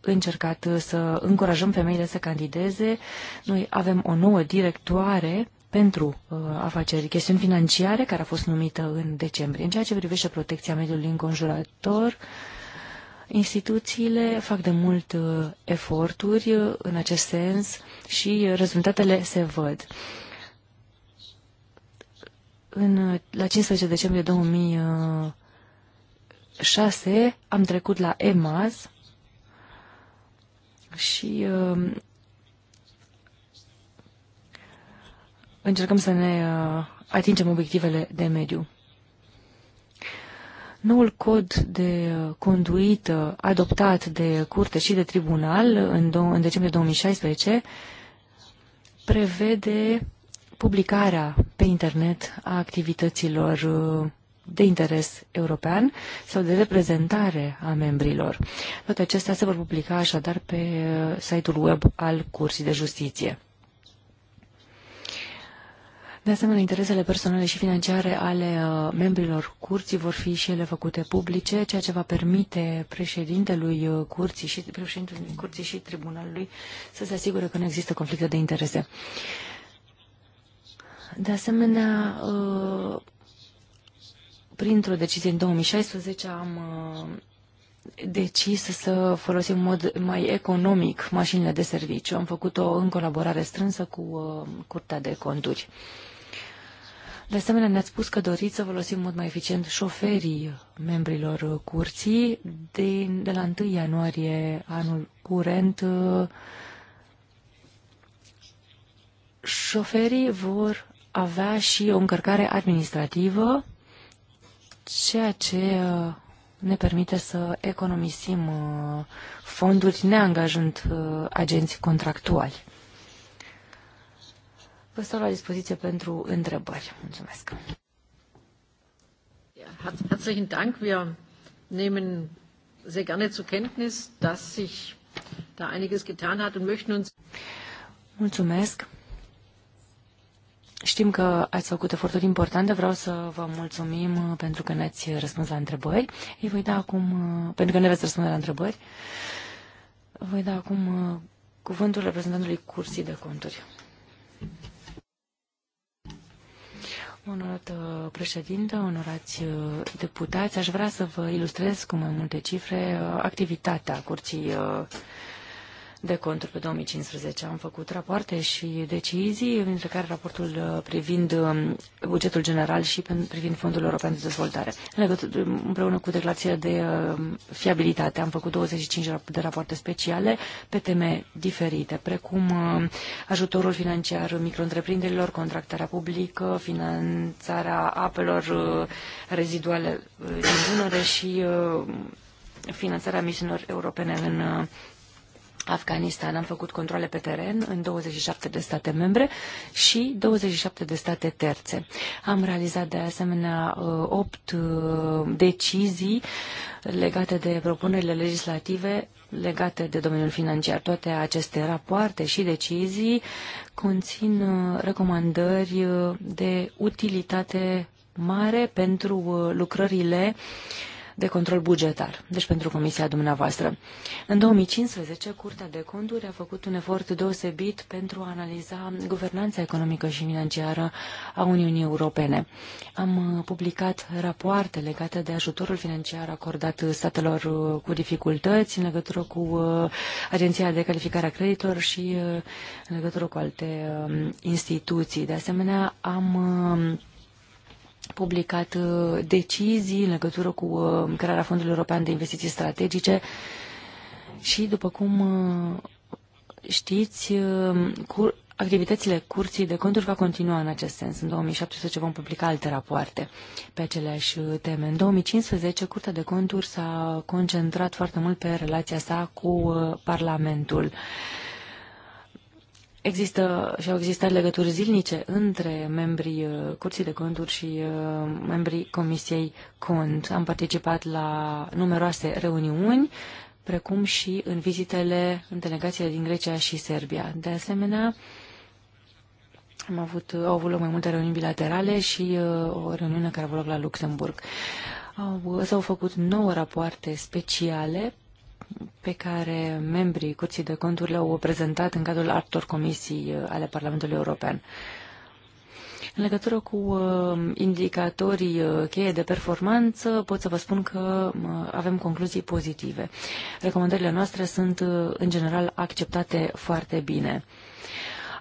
încercat eh, să încurajăm femeile să candideze. Noi avem o nouă directoare pentru uh, afaceri, chestiuni financiare, care a fost numită în decembrie. În ceea ce privește protecția mediului înconjurător, instituțiile fac de mult uh, eforturi uh, în acest sens și uh, rezultatele se văd. În, uh, la 15 decembrie 2006 uh, am trecut la EMAS și uh, încercăm să ne uh, atingem obiectivele de mediu. Noul cod de uh, conduit uh, adoptat de curte și de tribunal în, în decembrie 2016 prevede publicarea pe internet a activităților de interes european sau de reprezentare a membrilor. Toate acestea se vor publica așadar pe site-ul web al Curții de Justiție. De asemenea, interesele personale și financiare ale uh, membrilor curții vor fi și ele făcute publice, ceea ce va permite președintelui uh, curții și, președintelui curții și tribunalului să se asigure că nu există conflicte de interese. De asemenea, uh, printr-o decizie în 2016 am decis să folosim în mod mai economic mașinile de serviciu. Am făcut-o în colaborare strânsă cu Curtea de Conturi. De asemenea, ne-ați spus că doriți să folosim mult mai eficient șoferii membrilor curții. De, de la 1 ianuarie anul curent, șoferii vor avea și o încărcare administrativă, ceea ce uh, ne permite să economisim uh, fonduri neangajând uh, agenți contractuali. Vă stau la dispoziție pentru întrebări. Mulțumesc. Herzlichen Dank. Wir nehmen sehr gerne zur Kenntnis, dass sich da einiges getan hat und möchten uns. Mulțumesc. Știm că ați făcut eforturi importante, vreau să vă mulțumim pentru că ne-ați răspuns la întrebări. Îi voi da acum, pentru că ne veți răspunde la întrebări, voi da acum cuvântul reprezentantului Cursii de Conturi. Onorată președintă, onorați uh, deputați, aș vrea să vă ilustrez cu mai multe cifre uh, activitatea Curții uh, de conturi pe 2015. Am făcut rapoarte și decizii, între care raportul uh, privind um, bugetul general și privind Fondul European de Dezvoltare. Împreună cu declarația de um, fiabilitate am făcut 25 de rapoarte speciale pe teme diferite, precum um, ajutorul financiar micro-întreprinderilor, contractarea publică, finanțarea apelor uh, reziduale uh, din Dunăre și finanțarea misiunilor europene în Afganistan am făcut controle pe teren în 27 de state membre și 27 de state terțe. Am realizat de asemenea 8 uh, uh, decizii legate de propunerile legislative legate de domeniul financiar. Toate aceste rapoarte și decizii conțin uh, recomandări de utilitate mare pentru lucrările uh, de control bugetar, deci pentru comisia dumneavoastră. În 2015, Curtea de Conturi a făcut un efort deosebit pentru a analiza guvernanța economică și financiară a Uniunii Europene. Am uh, publicat rapoarte legate de ajutorul financiar acordat statelor uh, cu dificultăți în legătură cu uh, Agenția de Calificare a creditor și în legătură cu alte um, instituții. De asemenea, am publicat uh, decizii în legătură cu uh, crearea Fondului European de Investiții Strategice și, după cum uh, știți, cu activitățile Curții de Conturi va continua în acest sens. În 2017 vom publica alte rapoarte pe aceleași teme. În 2015, Curtea de Conturi s-a concentrat foarte mult pe relația sa cu Parlamentul. Uh, Există și au existat legături zilnice între membrii uh, Curții de Conturi și uh, membrii Comisiei Cont. Am participat la numeroase reuniuni, precum și în vizitele în delegațiile din Grecia și Serbia. De asemenea, am avut, au avut loc mai multe reuniuni bilaterale și uh, o reuniune care a avut loc la Luxemburg. s-au făcut nouă rapoarte speciale pe care membrii Curții de Conturi le-au prezentat în cadrul altor comisii uh, ale Parlamentului European. În legătură cu uh, indicatorii uh, cheie de performanță, pot să vă spun că avem concluzii pozitive. Recomandările noastre sunt, în general, acceptate foarte bine.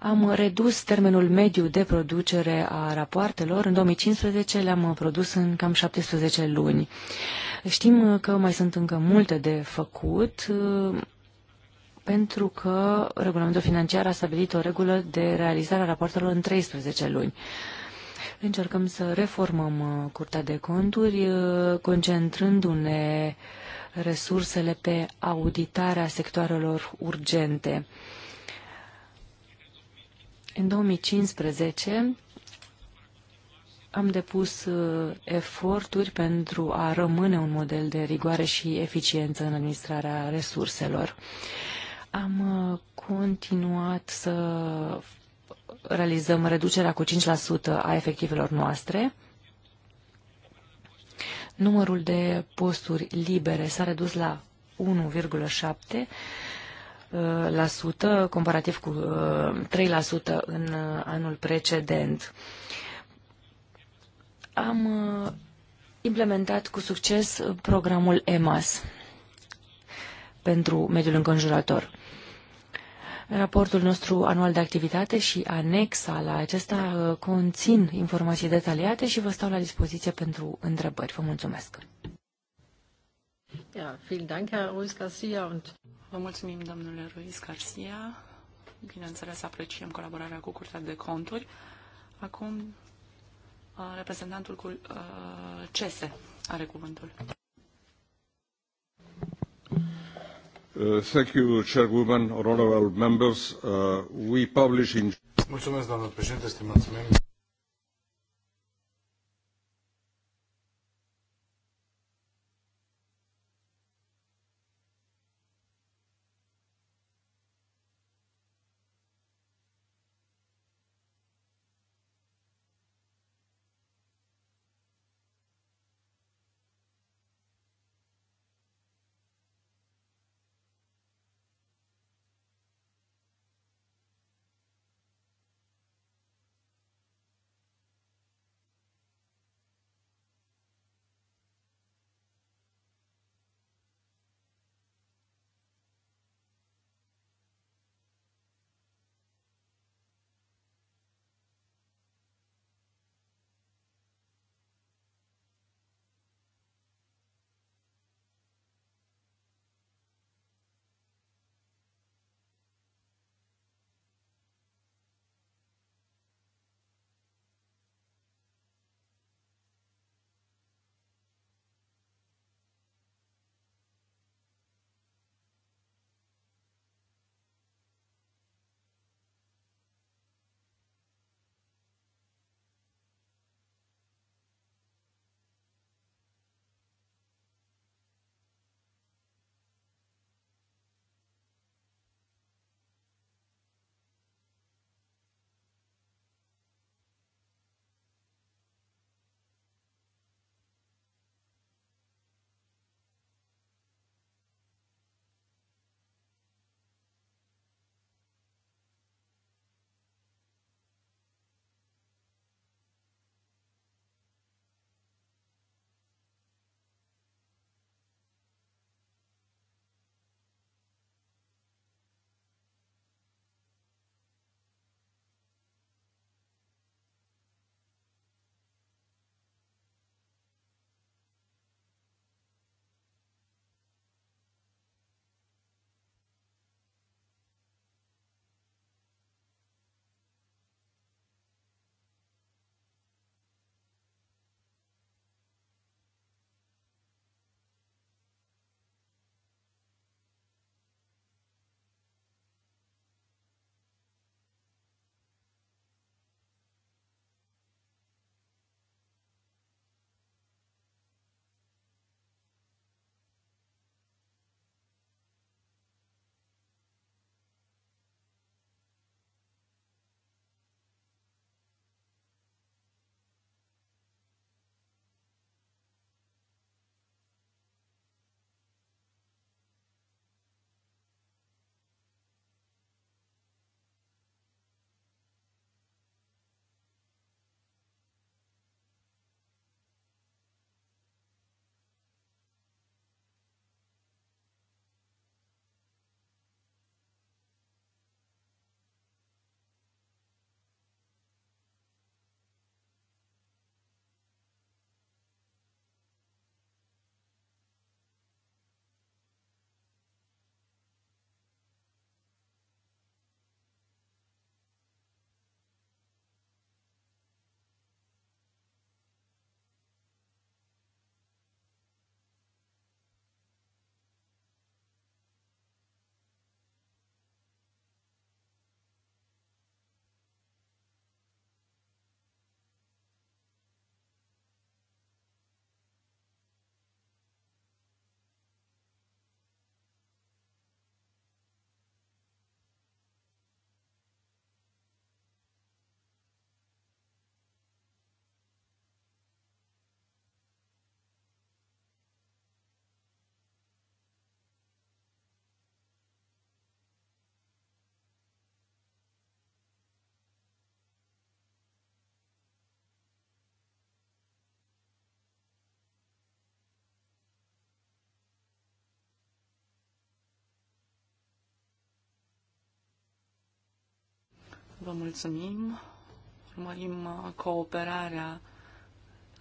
Am redus termenul mediu de producere a rapoartelor. În 2015 le-am produs în cam 17 luni. Știm că mai sunt încă multe de făcut uh, pentru că regulamentul financiar a stabilit o regulă de realizare a rapoartelor în 13 luni. Încercăm să reformăm uh, Curtea de Conturi, uh, concentrându-ne resursele pe auditarea sectoarelor urgente. În 2015 am depus uh, eforturi pentru a rămâne un model de rigoare și eficiență în administrarea resurselor. Am uh, continuat să realizăm reducerea cu 5% a efectivelor noastre. Numărul de posturi libere s-a redus la 1,7% uh, comparativ cu 3% în anul precedent am uh, implementat cu succes uh, programul EMAS pentru mediul înconjurător. Raportul nostru anual de activitate și anexa la acesta uh, conțin informații detaliate și vă stau la dispoziție pentru întrebări. Vă mulțumesc! Ja, vielen Dank, Herr Ruiz Garcia. Und Vă mulțumim, domnule Ruiz Garcia. Bineînțeles, apreciem colaborarea cu Curtea de Conturi. Acum Uh, reprezentantul cu uh, CESE are cuvântul. Uh, thank you, Chairwoman, honorable members. We publish in... Mulțumesc, doamnă președinte, stimați membri. Vă mulțumim. Urmărim uh, cooperarea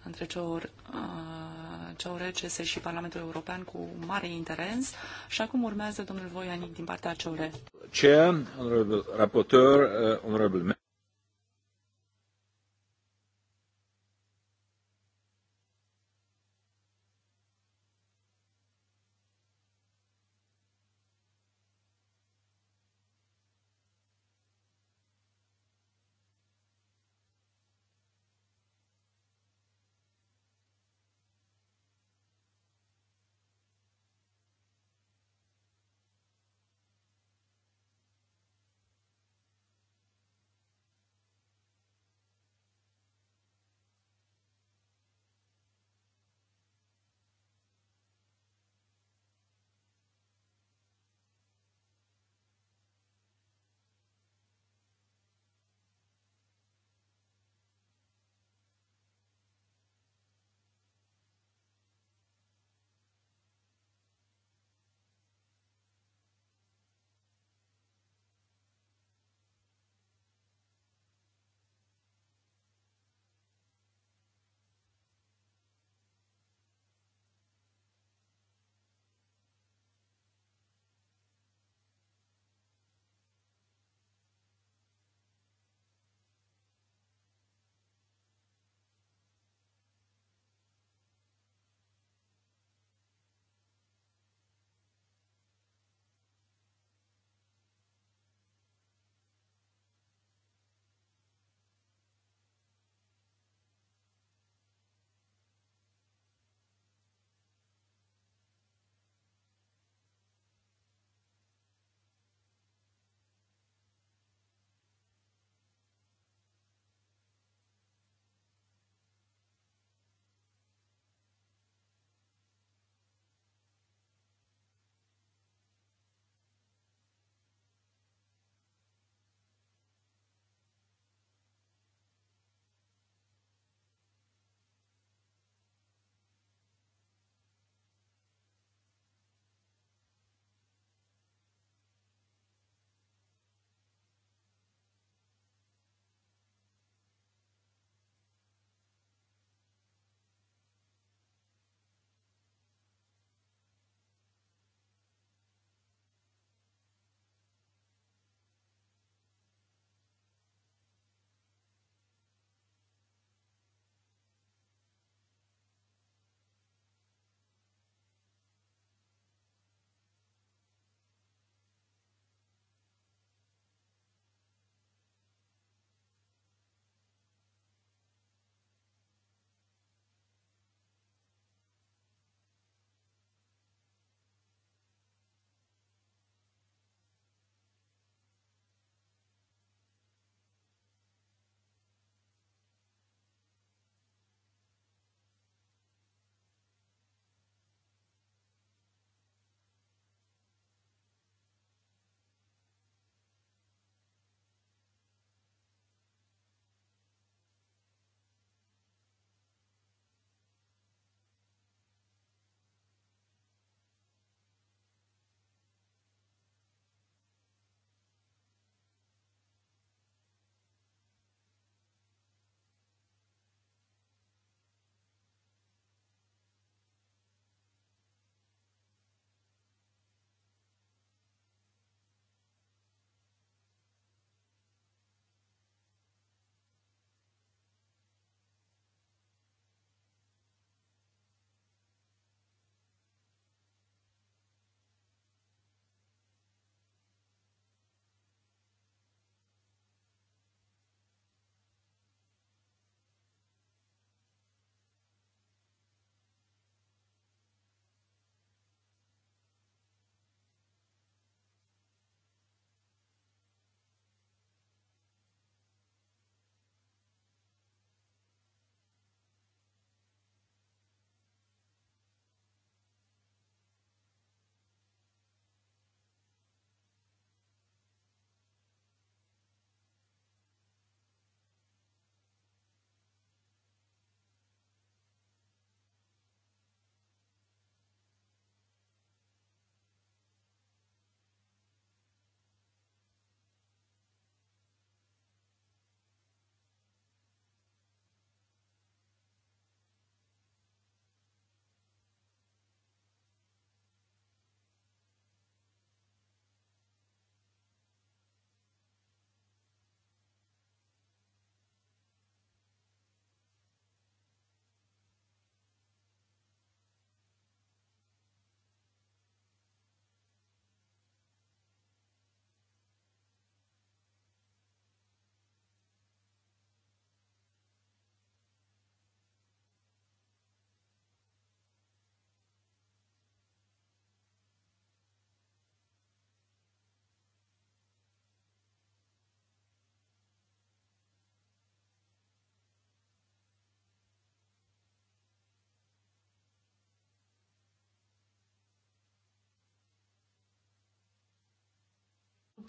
între CEURCS uh, și Parlamentul European cu mare interes. Și acum urmează domnul Voianic din partea CEUR. Chair, honorable rapporteur, uh, honorable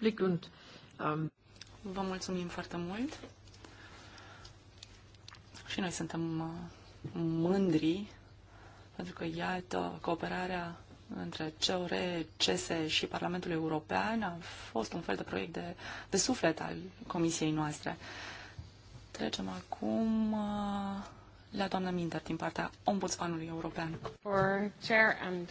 Blick und um... Vă mulțumim foarte mult. Și noi suntem uh, mândri pentru că, iată, cooperarea între CEUR, CESE și Parlamentul European a fost un fel de proiect de, de suflet al comisiei noastre. Trecem acum uh, la doamna Minter din partea Ombudsmanului European. For chair and...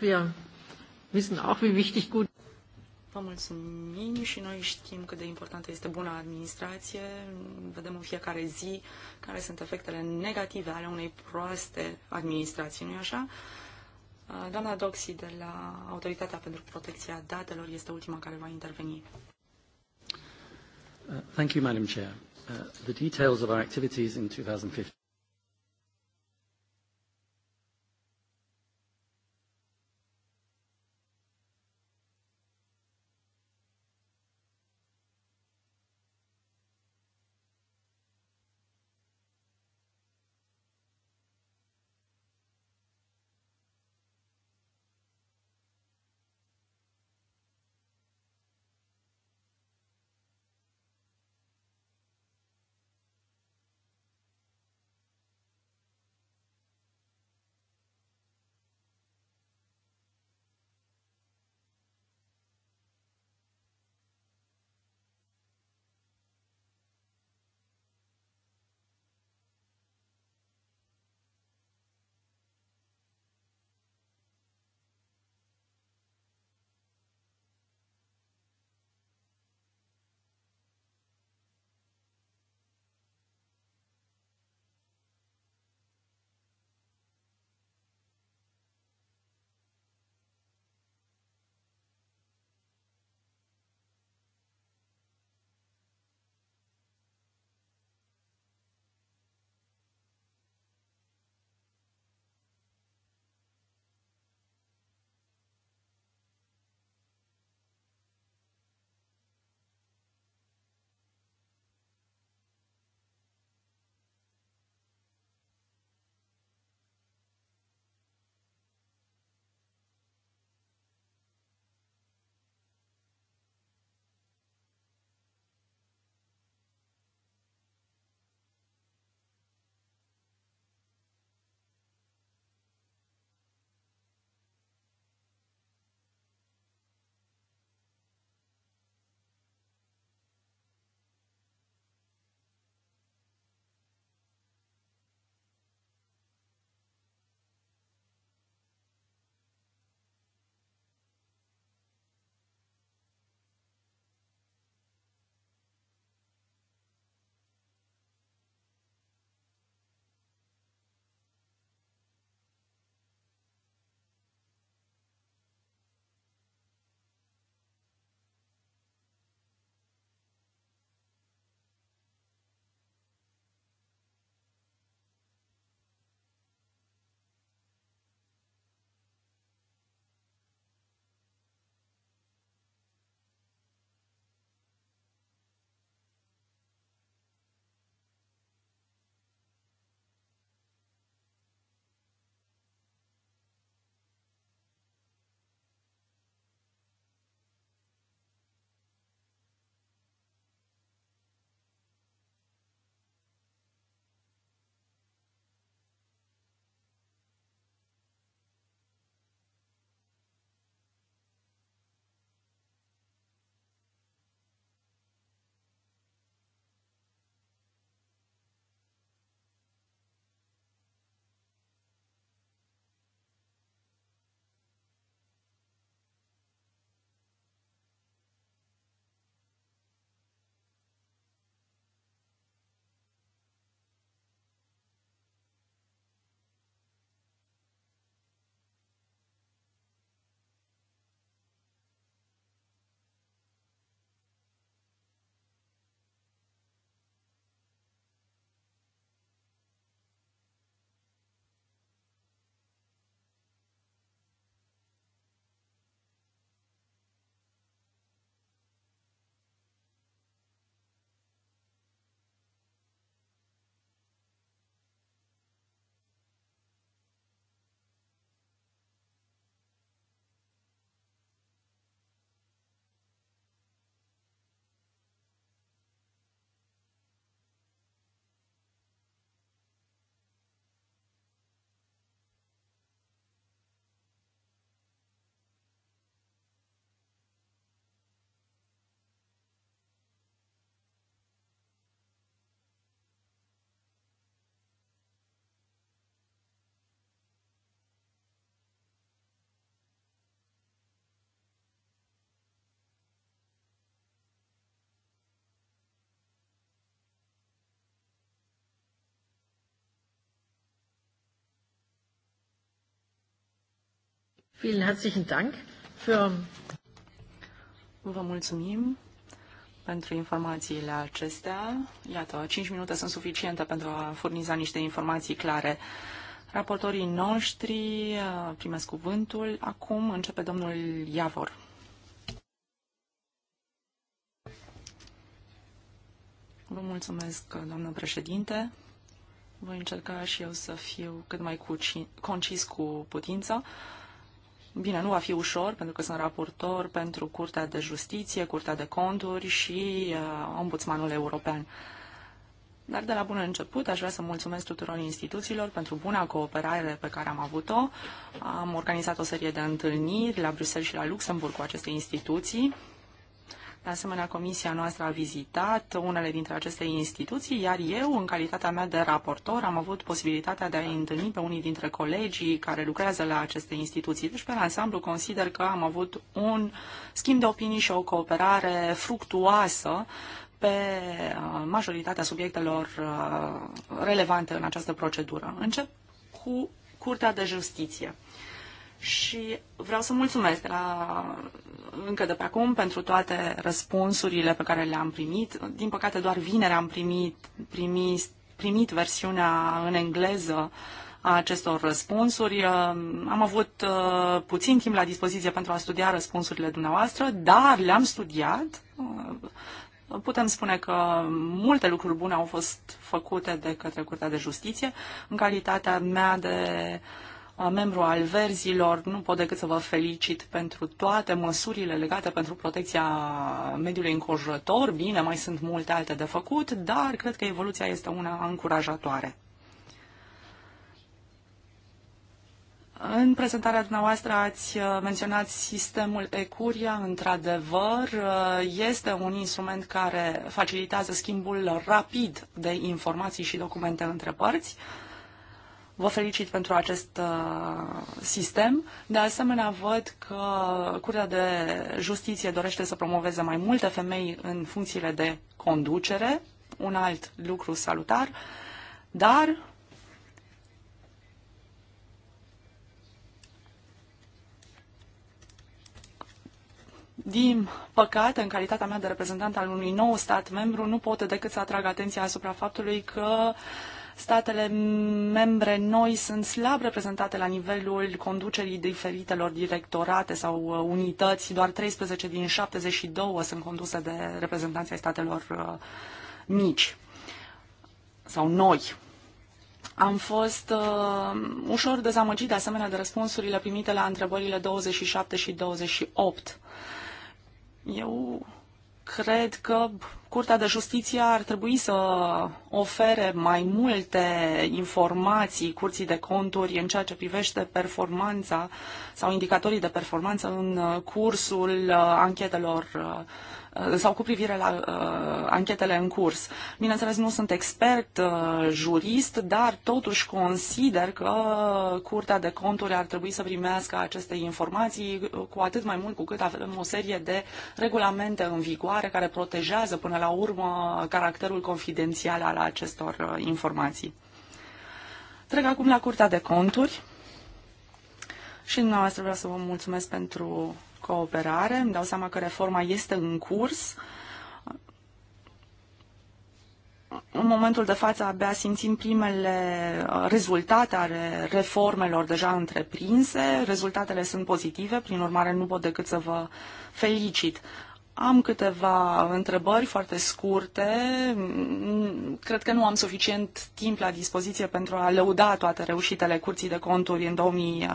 Wir wissen auch, wie wichtig gut Vă mulțumim și noi știm cât de importantă este buna administrație. Vedem în fiecare zi care sunt efectele negative ale unei proaste administrații, nu-i așa? Doamna Doxi de la Autoritatea pentru Protecția Datelor este ultima care va interveni. Uh, thank you, Madam Chair. Uh, the details of our activities in 2015 Vielen herzlichen Dank für Vă mulțumim pentru informațiile acestea. Iată, 5 minute sunt suficiente pentru a furniza niște informații clare. Raportorii noștri uh, primesc cuvântul. Acum începe domnul Iavor. Vă mulțumesc, doamnă președinte. Voi încerca și eu să fiu cât mai concis cu putință. Bine, nu va fi ușor, pentru că sunt raportor pentru Curtea de Justiție, Curtea de Conturi și uh, Ombudsmanul European. Dar de la bun început aș vrea să mulțumesc tuturor instituțiilor pentru buna cooperare pe care am avut-o. Am organizat o serie de întâlniri la Bruxelles și la Luxemburg cu aceste instituții. De asemenea, comisia noastră a vizitat unele dintre aceste instituții, iar eu, în calitatea mea de raportor, am avut posibilitatea de a întâlni pe unii dintre colegii care lucrează la aceste instituții. Deci, pe ansamblu, consider că am avut un schimb de opinii și o cooperare fructuoasă pe uh, majoritatea subiectelor uh, relevante în această procedură. Încep cu Curtea de Justiție și vreau să mulțumesc la, încă de pe acum pentru toate răspunsurile pe care le-am primit. Din păcate, doar vineri am primit, primit, primit versiunea în engleză a acestor răspunsuri. Am avut uh, puțin timp la dispoziție pentru a studia răspunsurile dumneavoastră, dar le-am studiat. Uh, putem spune că multe lucruri bune au fost făcute de către Curtea de Justiție în calitatea mea de uh, membru al verzilor, nu pot decât să vă felicit pentru toate măsurile legate pentru protecția mediului înconjurător. Bine, mai sunt multe alte de făcut, dar cred că evoluția este una încurajatoare. În prezentarea dumneavoastră ați uh, menționat sistemul Ecuria. Într-adevăr, uh, este un instrument care facilitează schimbul rapid de informații și documente între părți. Vă felicit pentru acest uh, sistem. De asemenea, văd că Curtea de Justiție dorește să promoveze mai multe femei în funcțiile de conducere, un alt lucru salutar, dar Din păcate, în calitatea mea de reprezentant al unui nou stat membru, nu pot decât să atrag atenția asupra faptului că uh, statele membre noi sunt slab reprezentate la nivelul conducerii diferitelor directorate sau uh, unități. Doar 13 din 72 sunt conduse de reprezentanții statelor uh, mici sau noi. Am fost uh, ușor dezamăgit de asemenea de răspunsurile primite la întrebările 27 și 28. Eu cred că Curtea de Justiție ar trebui să ofere mai multe informații Curții de Conturi în ceea ce privește performanța sau indicatorii de performanță în cursul uh, anchetelor uh, Uh, sau cu privire la uh, anchetele în curs. Bineînțeles, nu sunt expert uh, jurist, dar totuși consider că Curtea de Conturi ar trebui să primească aceste informații, uh, cu atât mai mult cu cât avem o serie de regulamente în vigoare care protejează până la urmă caracterul confidențial al acestor uh, informații. Trec acum la Curtea de Conturi. Și dumneavoastră vreau să vă mulțumesc pentru cooperare. Îmi dau seama că reforma este în curs. În momentul de față abia simțim primele uh, rezultate ale reformelor deja întreprinse. Rezultatele sunt pozitive, prin urmare nu pot decât să vă felicit. Am câteva întrebări foarte scurte. Cred că nu am suficient timp la dispoziție pentru a lăuda toate reușitele Curții de Conturi în 2000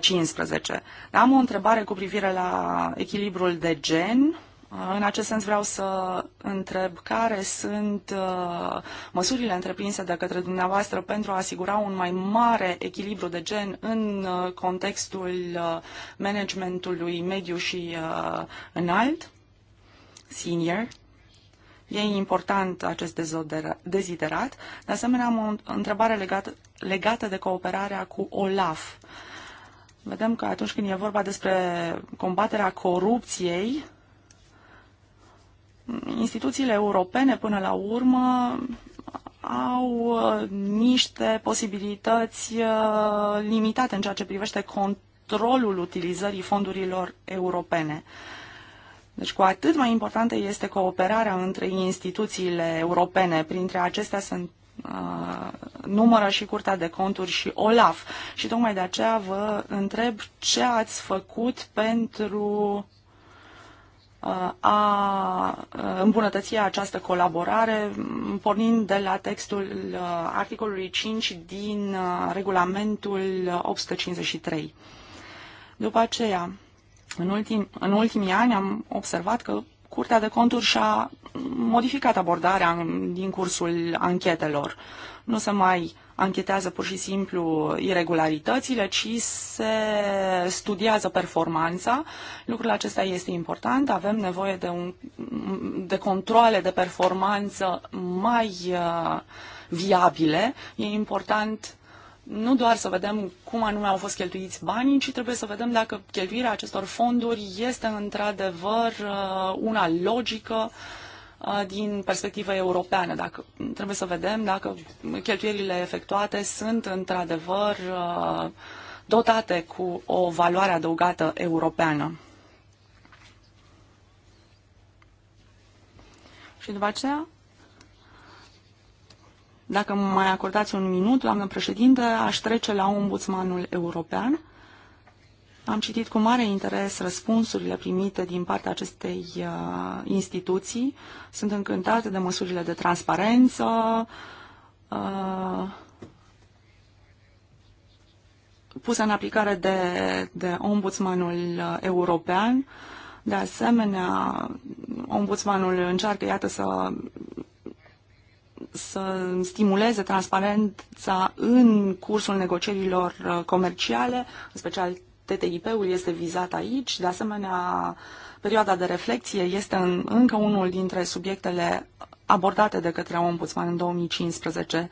15. Am o întrebare cu privire la echilibrul de gen. În acest sens vreau să întreb care sunt uh, măsurile întreprinse de către dumneavoastră pentru a asigura un mai mare echilibru de gen în uh, contextul uh, managementului mediu și înalt, senior. E important acest deziderat. De asemenea, am o întrebare legată, legată de cooperarea cu OLAF. Uh, vedem că atunci când e vorba despre combaterea corupției, instituțiile europene, până la urmă, au uh, niște posibilități uh, limitate în ceea ce privește controlul utilizării fondurilor europene. Deci cu atât mai importantă este cooperarea între instituțiile europene. Printre acestea sunt Uh, numără și Curtea de Conturi și OLAF. Și tocmai de aceea vă întreb ce ați făcut pentru uh, a uh, îmbunătăți această colaborare, mm, pornind de la textul articolului 5 din regulamentul 853. După aceea, în, ultim, în ultimii ani am observat că Curtea de Conturi și-a modificat abordarea în, din cursul anchetelor. Nu se mai anchetează pur și simplu irregularitățile, ci se studiază performanța. Lucrul acesta este important. Avem nevoie de, un, de controle de performanță mai uh, viabile. E important nu doar să vedem cum anume au fost cheltuiți banii, ci trebuie să vedem dacă cheltuirea acestor fonduri este într-adevăr uh, una logică uh, din perspectivă europeană. Dacă, trebuie să vedem dacă cheltuielile efectuate sunt într-adevăr uh, dotate cu o valoare adăugată europeană. Și după aceea dacă mai acordați un minut, doamnă președinte, aș trece la ombudsmanul european. Am citit cu mare interes răspunsurile primite din partea acestei uh, instituții. Sunt încântată de măsurile de transparență, uh, pusă în aplicare de, de ombudsmanul uh, european. De asemenea, ombudsmanul încearcă, iată, să să stimuleze transparența în cursul negocierilor uh, comerciale, în special TTIP-ul este vizat aici. De asemenea, perioada de reflexie este în, încă unul dintre subiectele abordate de către ombudsman în 2015,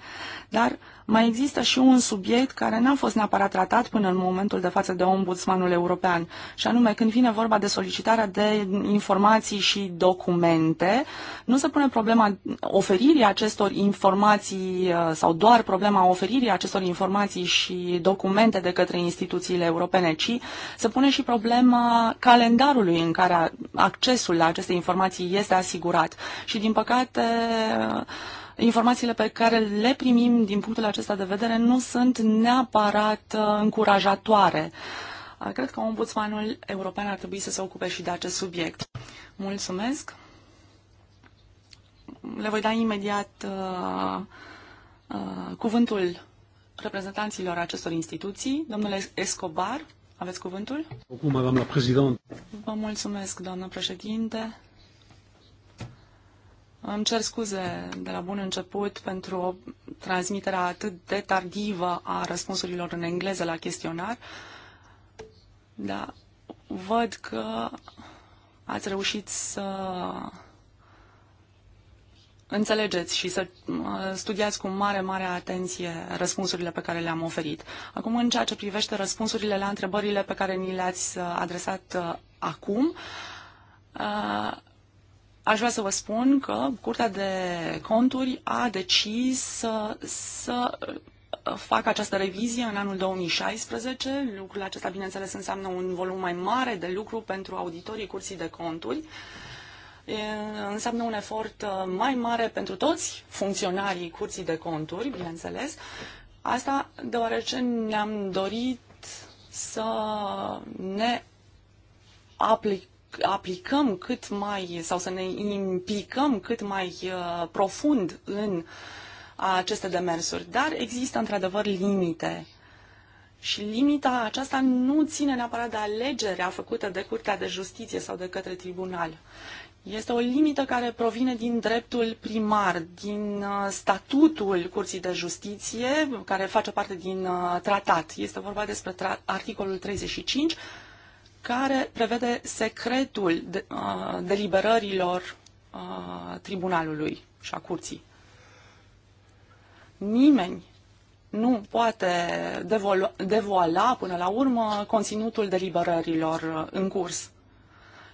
dar mai există și un subiect care n-a fost neapărat tratat până în momentul de față de ombudsmanul european, și anume când vine vorba de solicitarea de informații și documente, nu se pune problema oferirii acestor informații uh, sau doar problema oferirii acestor informații și documente de către instituțiile europene, ci se pune și problema calendarului în care accesul la aceste informații este asigurat. Și din păcate informațiile pe care le primim din punctul acesta de vedere nu sunt neapărat uh, încurajatoare. Uh, cred că ombudsmanul european ar trebui să se ocupe și de acest subiect. Mulțumesc! Le voi da imediat uh, uh, cuvântul reprezentanților acestor instituții. Domnule Escobar, aveți cuvântul? Vă mulțumesc, doamnă președinte. Îmi cer scuze de la bun început pentru transmiterea atât de tardivă a răspunsurilor în engleză la chestionar, dar văd că ați reușit să înțelegeți și să studiați cu mare, mare atenție răspunsurile pe care le-am oferit. Acum, în ceea ce privește răspunsurile la întrebările pe care ni le-ați adresat uh, acum, uh, aș vrea să vă spun că Curtea de Conturi a decis să, să uh, facă această revizie în anul 2016. Lucrul acesta, bineînțeles, înseamnă un volum mai mare de lucru pentru auditorii curții de conturi. Înseamnă un efort uh, mai mare pentru toți funcționarii curții de conturi, bineînțeles. Asta deoarece ne-am dorit să ne aplicăm aplicăm cât mai sau să ne implicăm cât mai uh, profund în uh, aceste demersuri. Dar există într-adevăr limite. Și limita aceasta nu ține neapărat de alegerea făcută de Curtea de Justiție sau de către tribunal. Este o limită care provine din dreptul primar, din uh, statutul Curții de Justiție, care face parte din tratat. Este vorba despre articolul 35 care prevede secretul de, uh, deliberărilor uh, tribunalului și a curții. Nimeni nu poate devoala, devoala până la urmă conținutul deliberărilor în curs.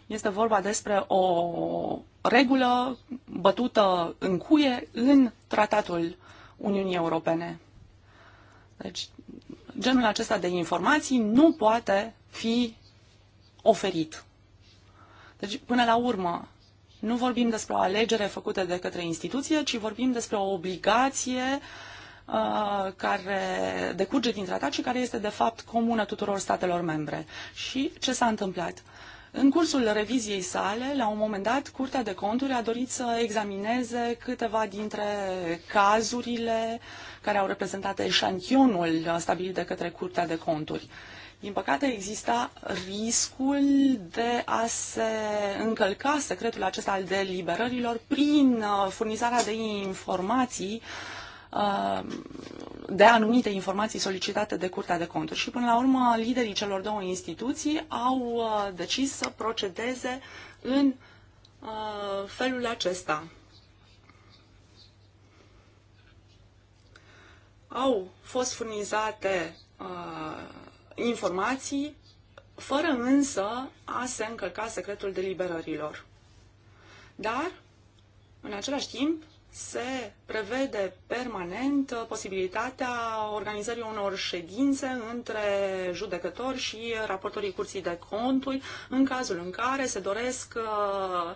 Este vorba despre o regulă bătută în cuie în tratatul Uniunii Europene. Deci, genul acesta de informații nu poate fi oferit. Deci, până la urmă, nu vorbim despre o alegere făcută de către instituție, ci vorbim despre o obligație uh, care decurge din tratat și care este de fapt comună tuturor statelor membre. Și ce s-a întâmplat? În cursul reviziei sale, la un moment dat, Curtea de Conturi a dorit să examineze câteva dintre cazurile care au reprezentat eșantionul stabilit de către Curtea de Conturi. Din păcate, exista riscul de a se încălca secretul acesta al deliberărilor prin uh, furnizarea de informații uh, de anumite informații solicitate de Curtea de Conturi. Și până la urmă, liderii celor două instituții au uh, decis să procedeze în felul acesta. Au fost furnizate informații, fără însă a se încălca secretul deliberărilor. Dar, în același timp, se prevede permanent uh, posibilitatea organizării unor ședințe între judecători și raportorii curții de conturi în cazul în care se doresc uh,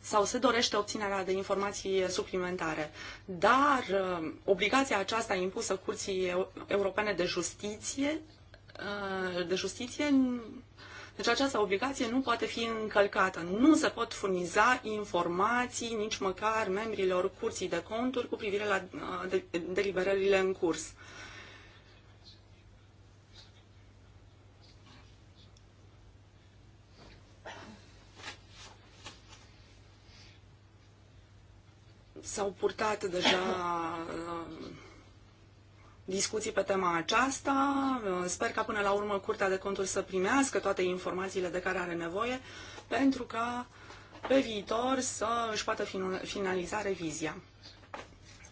sau se dorește obținerea de informații suplimentare. Dar uh, obligația aceasta impusă Curții Europene de Justiție Uh, de justiție, deci această obligație nu poate fi încălcată. Nu se pot furniza informații nici măcar membrilor curții de conturi cu privire la uh, deliberările în curs. S-au purtat deja uh, discuții pe tema aceasta. Sper ca până la urmă Curtea de Conturi să primească toate informațiile de care are nevoie pentru ca pe viitor să își poată finaliza revizia.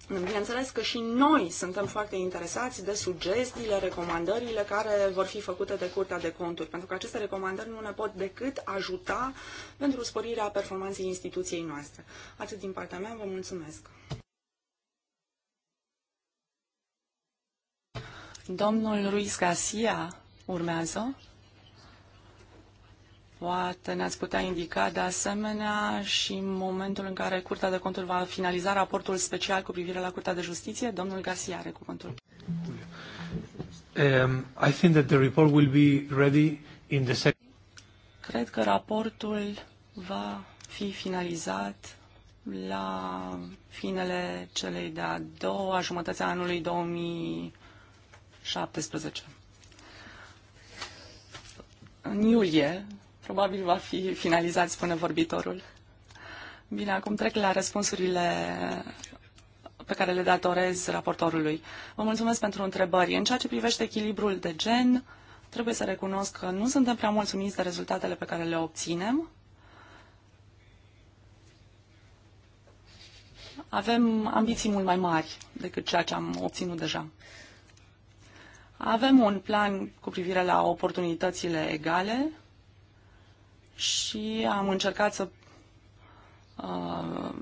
Bineînțeles că și noi suntem foarte interesați de sugestiile, recomandările care vor fi făcute de Curtea de Conturi, pentru că aceste recomandări nu ne pot decât ajuta pentru sporirea performanței instituției noastre. Atât din partea mea, vă mulțumesc! Domnul Ruiz Garcia urmează. Poate ne-ați putea indica de asemenea și momentul în care Curtea de Conturi va finaliza raportul special cu privire la Curtea de Justiție. Domnul Garcia are cuvântul. Um, I think that the report will be ready in the second... Cred că raportul va fi finalizat la finele celei de-a doua jumătate a anului 2000 17. În iulie, probabil va fi finalizat, spune vorbitorul. Bine, acum trec la răspunsurile pe care le datorez raportorului. Vă mulțumesc pentru întrebări. În ceea ce privește echilibrul de gen, trebuie să recunosc că nu suntem prea mulțumiți de rezultatele pe care le obținem. Avem ambiții mult mai mari decât ceea ce am obținut deja. Avem un plan cu privire la oportunitățile egale și am încercat să uh,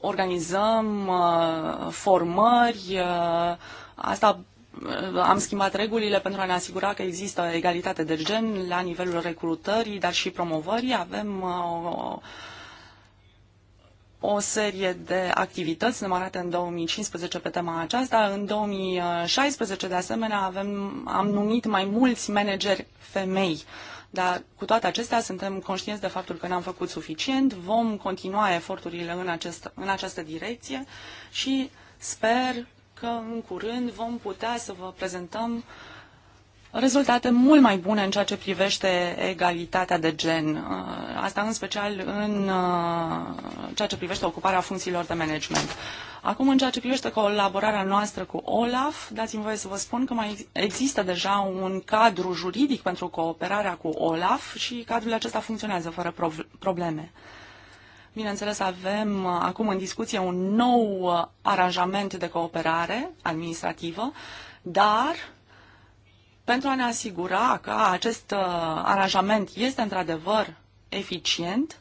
organizăm uh, formări. Uh, asta uh, am schimbat regulile pentru a ne asigura că există egalitate de gen la nivelul recrutării, dar și promovării. Avem uh, o serie de activități numărate în 2015 pe tema aceasta. În 2016, de asemenea, avem, am numit mai mulți manageri femei. Dar cu toate acestea suntem conștienți de faptul că n-am făcut suficient, vom continua eforturile în, acest, în această direcție și sper că în curând vom putea să vă prezentăm uh, rezultate mult mai bune în ceea ce privește egalitatea de gen. Uh, asta în special în uh, ceea ce privește ocuparea funcțiilor de management. Acum, în ceea ce privește colaborarea noastră cu OLAF, dați-mi voie să vă spun că mai există deja un cadru juridic pentru cooperarea cu OLAF și cadrul acesta funcționează fără probleme. Bineînțeles, avem uh, acum în discuție un nou aranjament de cooperare administrativă, dar pentru a ne asigura că acest uh, aranjament este într-adevăr eficient,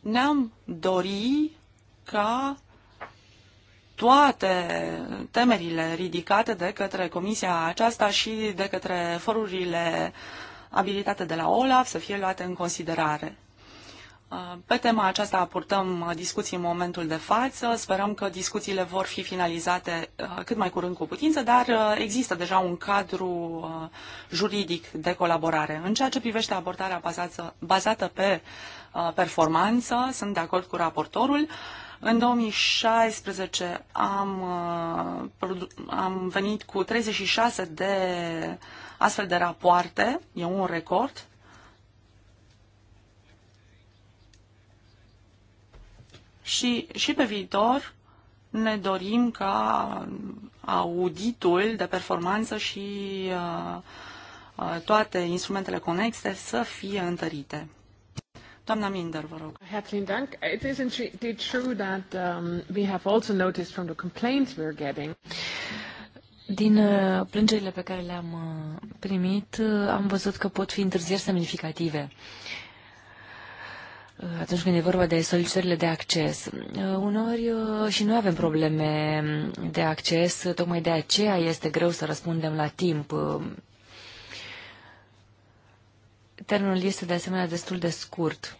ne-am dori ca toate temerile ridicate de către comisia aceasta și de către forurile abilitate de la OLAF să fie luate în considerare. Pe tema aceasta purtăm uh, discuții în momentul de față. Sperăm că discuțiile vor fi finalizate uh, cât mai curând cu putință, dar uh, există deja un cadru juridic de colaborare. În ceea ce privește abordarea bazată, bazată pe performanță, sunt de acord cu raportorul. În 2016 am, am venit cu 36 de astfel de rapoarte, e un record și, și pe viitor ne dorim ca auditul de performanță și uh, uh, toate instrumentele conexe să fie întărite. Doamna Minder, vă rog. Herzlichen Dank. It is indeed true that um, we have also noticed from the complaints we're getting din uh, plângerile pe care le-am primit, am văzut că pot fi întârzieri semnificative. Uh, atunci când e vorba de solicitările de acces. Uneori uh, și noi avem probleme de acces, tocmai de aceea este greu să răspundem la timp. Termenul este de asemenea destul de scurt.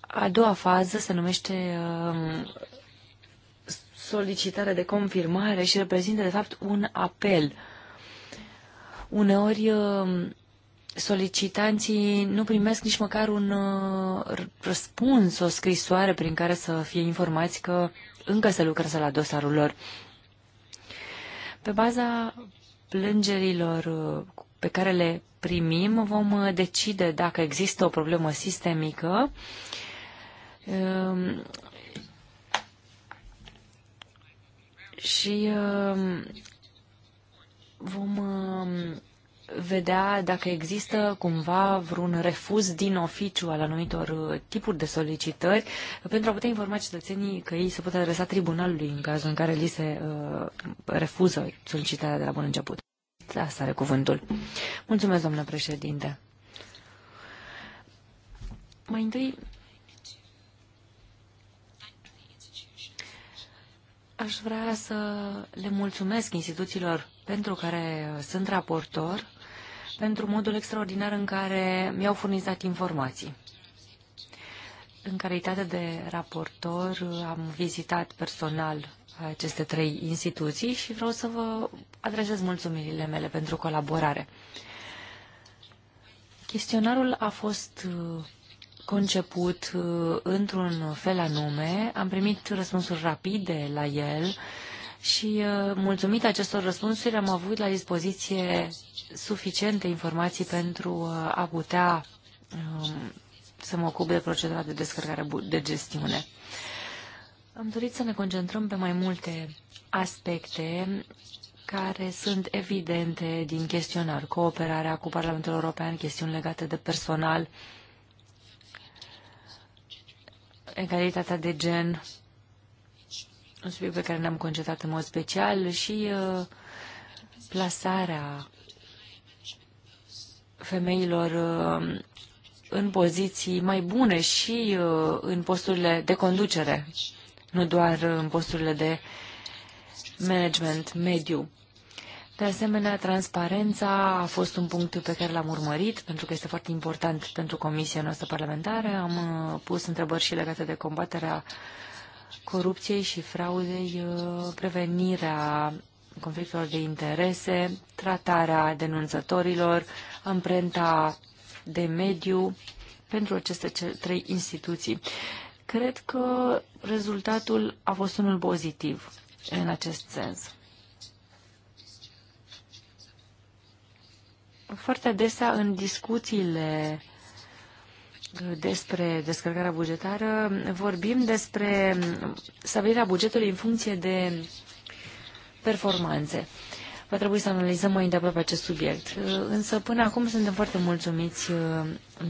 A doua fază se numește uh, solicitare de confirmare și reprezintă, de fapt, un apel. Uneori uh, solicitanții nu primesc nici măcar un uh, răspuns, o scrisoare prin care să fie informați că încă se lucrează la dosarul lor. Pe baza plângerilor uh, pe care le primim, vom uh, decide dacă există o problemă sistemică um, și um, vom um, vedea dacă există cumva vreun refuz din oficiu al anumitor uh, tipuri de solicitări pentru a putea informa cetățenii că ei se pot adresa tribunalului în cazul în care li se uh, refuză solicitarea de la bun început. Da, asta are cuvântul. Mulțumesc, domnule președinte. Mai întâi, aș vrea să le mulțumesc instituțiilor pentru care sunt raportor pentru modul extraordinar în care mi-au furnizat informații. În calitate de raportor am vizitat personal aceste trei instituții și vreau să vă adresez mulțumirile mele pentru colaborare. Chestionarul a fost uh, conceput uh, într-un fel anume, am primit răspunsuri rapide la el, și uh, mulțumită acestor răspunsuri am avut la dispoziție suficiente informații pentru uh, a putea um, să mă ocup de procedura de descărcare de gestiune. Am dorit să ne concentrăm pe mai multe aspecte care sunt evidente din chestionar, cooperarea cu Parlamentul European, chestiuni legate de personal, egalitatea de gen, un subiect pe care ne-am concentrat în mod special și uh, plasarea femeilor uh, în poziții mai bune și uh, în posturile de conducere, nu doar în posturile de management mediu. De asemenea, transparența a fost un punct pe care l-am urmărit, pentru că este foarte important pentru Comisia noastră parlamentară. Am pus întrebări și legate de combaterea uh, corupției și fraudei, uh, prevenirea conflictelor de interese, tratarea denunțătorilor, amprenta de mediu pentru aceste trei instituții. Cred că rezultatul a fost unul pozitiv în acest sens. Foarte adesea în discuțiile despre descărcarea bugetară, vorbim despre stabilirea bugetului în funcție de performanțe. Va trebui să analizăm mai îndeaproape acest subiect. Însă până acum suntem foarte mulțumiți uh,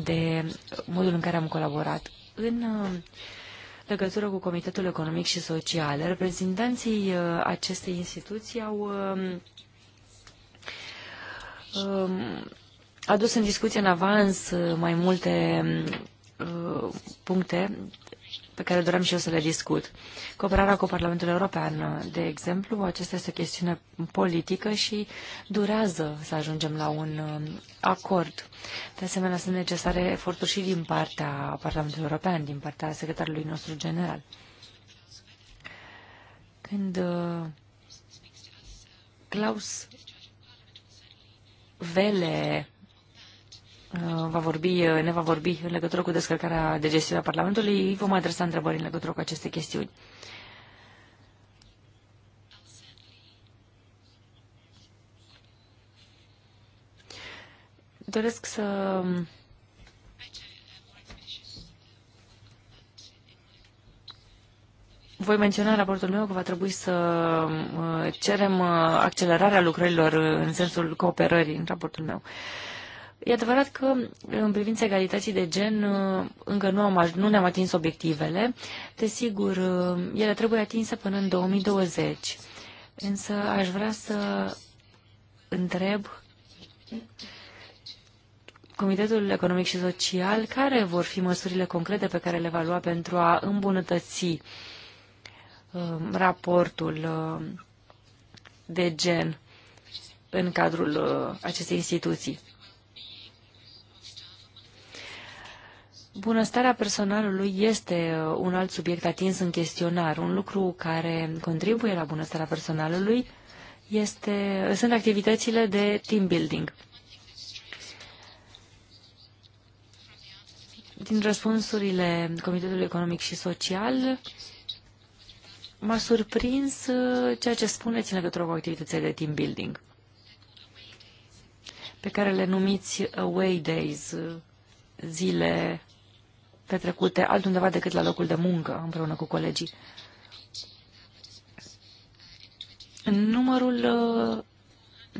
de modul în care am colaborat. În uh, legătură cu Comitetul Economic și Social, reprezentanții uh, acestei instituții au um, um, adus în discuție în avans uh, mai multe uh, puncte pe care doream și eu să le discut. Cooperarea cu Parlamentul European, de exemplu, aceasta este o chestiune politică și durează să ajungem la un uh, acord. De asemenea, sunt necesare eforturi și din partea Parlamentului European, din partea secretarului nostru general. Când Klaus Vele Uh, va vorbi, uh, ne va vorbi în legătură cu descărcarea de gestiune a Parlamentului. Îi vom adresa întrebări în legătură cu aceste chestiuni. Doresc să Voi menționa în raportul meu că va trebui să uh, cerem accelerarea lucrărilor în sensul cooperării în raportul meu. E adevărat că în privința egalității de gen uh, încă nu, am, nu ne-am atins obiectivele. Desigur, uh, ele trebuie atinse până în 2020. Însă aș vrea să întreb Comitetul Economic și Social care vor fi măsurile concrete pe care le va lua pentru a îmbunătăți uh, raportul de gen în cadrul acestei instituții. Bunăstarea personalului este uh, un alt subiect atins în chestionar. Un lucru care contribuie la bunăstarea personalului este, sunt activitățile de team building. Din răspunsurile Comitetului Economic și Social, m-a surprins uh, ceea ce spuneți în legătură cu activitățile de team building, pe care le numiți away days, uh, zile petrecute altundeva decât la locul de muncă împreună cu colegii. Numărul uh,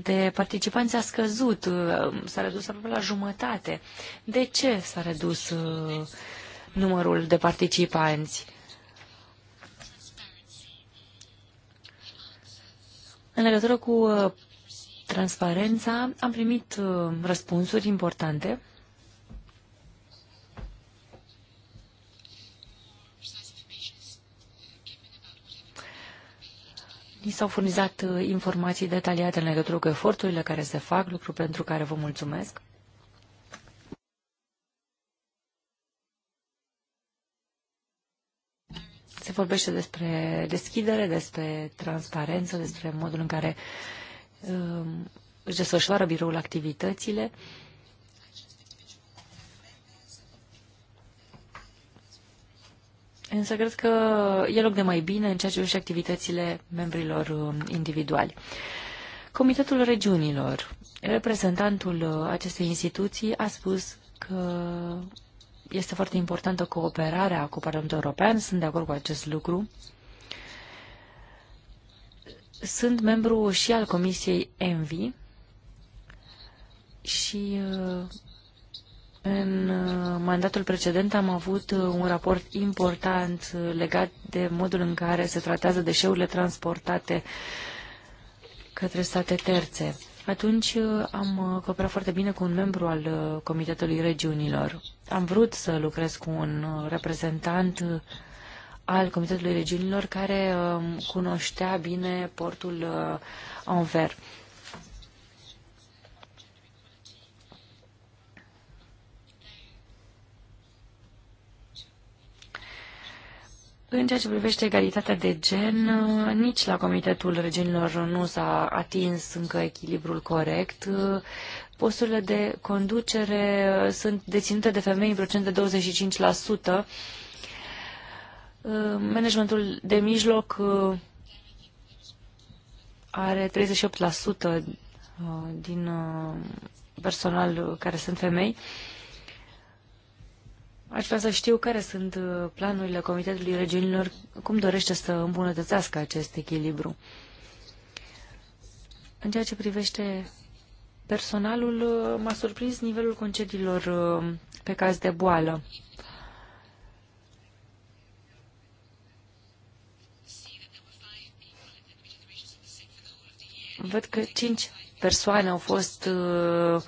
de participanți a scăzut, uh, s-a redus aproape la jumătate. De ce s-a redus uh, numărul de participanți? În legătură cu transparența, am primit răspunsuri importante Ni s-au furnizat uh, informații detaliate în legătură cu eforturile care se fac, lucru pentru care vă mulțumesc. Se vorbește despre deschidere, despre transparență, despre modul în care uh, își desfășoară biroul activitățile. Uh, Însă cred că e loc de mai bine în ceea ce privește activitățile membrilor um, individuali. Comitetul Regiunilor, reprezentantul uh, acestei instituții, a spus că este foarte importantă cooperarea cu Parlamentul European, sunt de acord cu acest lucru. Sunt membru și al Comisiei ENVI și uh, în uh, mandatul precedent am avut uh, un raport important uh, legat de modul în care se tratează deșeurile transportate către state terțe. Atunci am cooperat foarte bine cu un membru al Comitetului Regiunilor. Am vrut să lucrez cu un reprezentant al Comitetului Regiunilor care um, cunoștea bine portul Anvers. În ceea ce privește egalitatea de gen, nici la Comitetul Regenilor nu s-a atins încă echilibrul corect. Posturile de conducere sunt deținute de femei în procent de 25%. Managementul de mijloc uh, are 38% uh, din uh, personal care sunt femei. Aș vrea să știu care sunt uh, planurile Comitetului Regiunilor, cum dorește să îmbunătățească acest echilibru. În ceea ce privește personalul, uh, m-a surprins nivelul concediilor uh, pe caz de boală. Văd că cinci persoane au fost uh,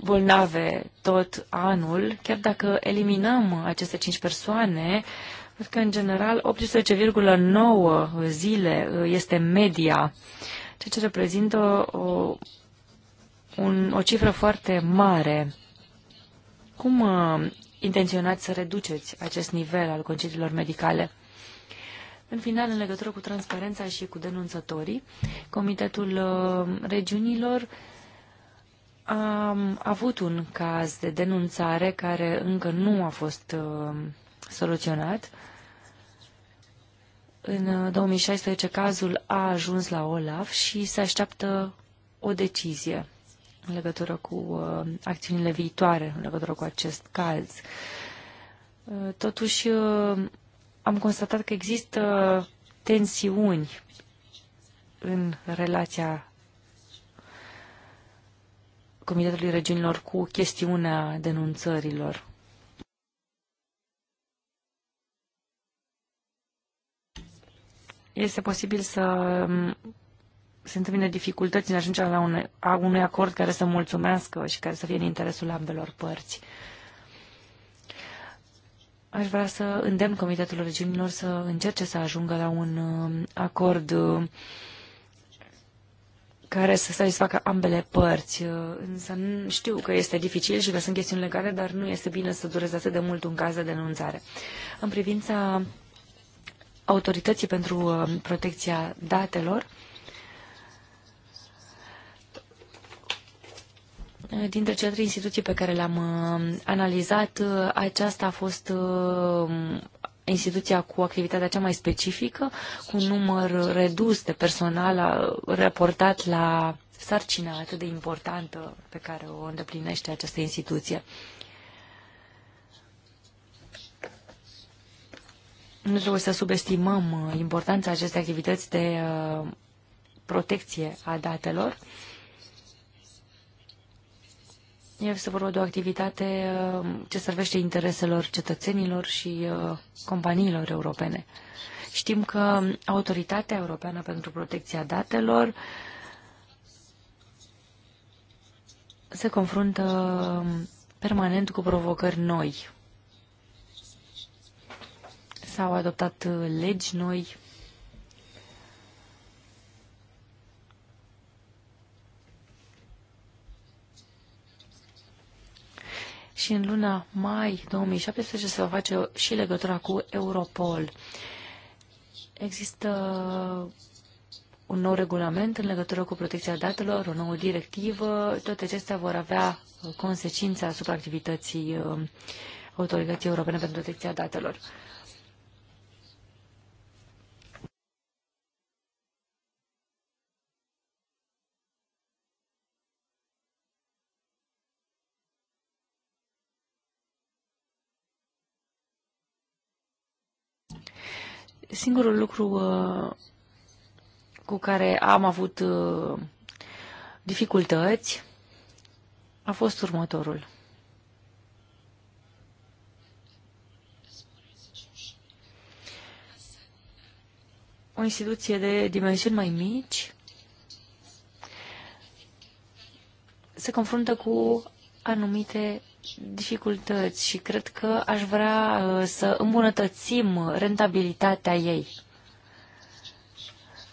bolnave tot anul, chiar dacă eliminăm aceste 5 persoane, cred că în general 18,9 zile uh, este media, ceea ce reprezintă o, un, o cifră foarte mare. Cum uh, intenționați să reduceți acest nivel al concediilor medicale? În final, în legătură cu transparența și cu denunțătorii, Comitetul uh, Regiunilor am avut un caz de denunțare care încă nu a fost uh, soluționat. În 2016 uh, cazul a ajuns la OLAF și se așteaptă o decizie în legătură cu uh, acțiunile viitoare, în legătură cu acest caz. Uh, totuși, uh, am constatat că există tensiuni în relația Comitetului Regiunilor cu chestiunea denunțărilor. Este posibil să mm, se întâmple dificultăți în ajungerea la un, a unui acord care să mulțumească și care să fie în interesul ambelor părți. Aș vrea să îndemn Comitetul Regiunilor să încerce să ajungă la un mm, acord mm, care să satisfacă ambele părți. Uh, însă știu că este dificil și că sunt chestiuni legale, dar nu este bine să dureze atât de mult un caz de denunțare. În privința autorității pentru uh, protecția datelor, uh, Dintre cele trei instituții pe care le-am analizat, aceasta a fost instituția cu activitatea cea mai specifică, cu un număr redus de personal raportat la sarcina atât de importantă pe care o îndeplinește această instituție. Nu trebuie să subestimăm importanța acestei activități de uh, protecție a datelor. Este vorba de o activitate uh, ce servește intereselor cetățenilor și uh, companiilor europene. Știm că Autoritatea Europeană pentru Protecția Datelor se confruntă um, permanent cu provocări noi. S-au adoptat uh, legi noi și în luna mai 2017 se va face și legătura cu Europol. Există un nou regulament în legătură cu protecția datelor, o nouă directivă, toate acestea vor avea consecințe asupra activității uh, Autorității Europene pentru Protecția Datelor. Singurul lucru uh, cu care am avut uh, dificultăți a fost următorul. O instituție de dimensiuni mai mici se confruntă cu anumite dificultăți și cred că aș vrea uh, să îmbunătățim rentabilitatea ei.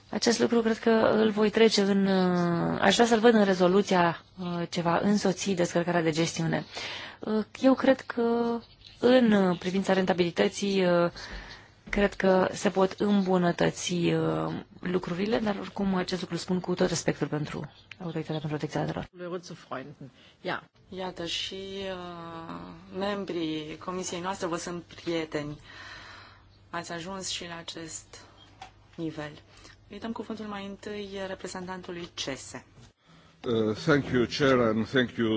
Acest lucru cred că îl voi trece în... Uh, aș vrea să-l văd în rezoluția uh, ceva însoții descărcarea de gestiune. Eu cred că în privința rentabilității Cred că se pot îmbunătăți uh, lucrurile, dar oricum acest lucru spun cu tot respectul pentru Autoritatea pentru Protecția Datelor. Iată și uh, membrii comisiei noastre vă sunt prieteni. Ați ajuns și la acest nivel. Îi dăm cuvântul mai întâi reprezentantului CESE. Uh, thank you, Chair, and thank you.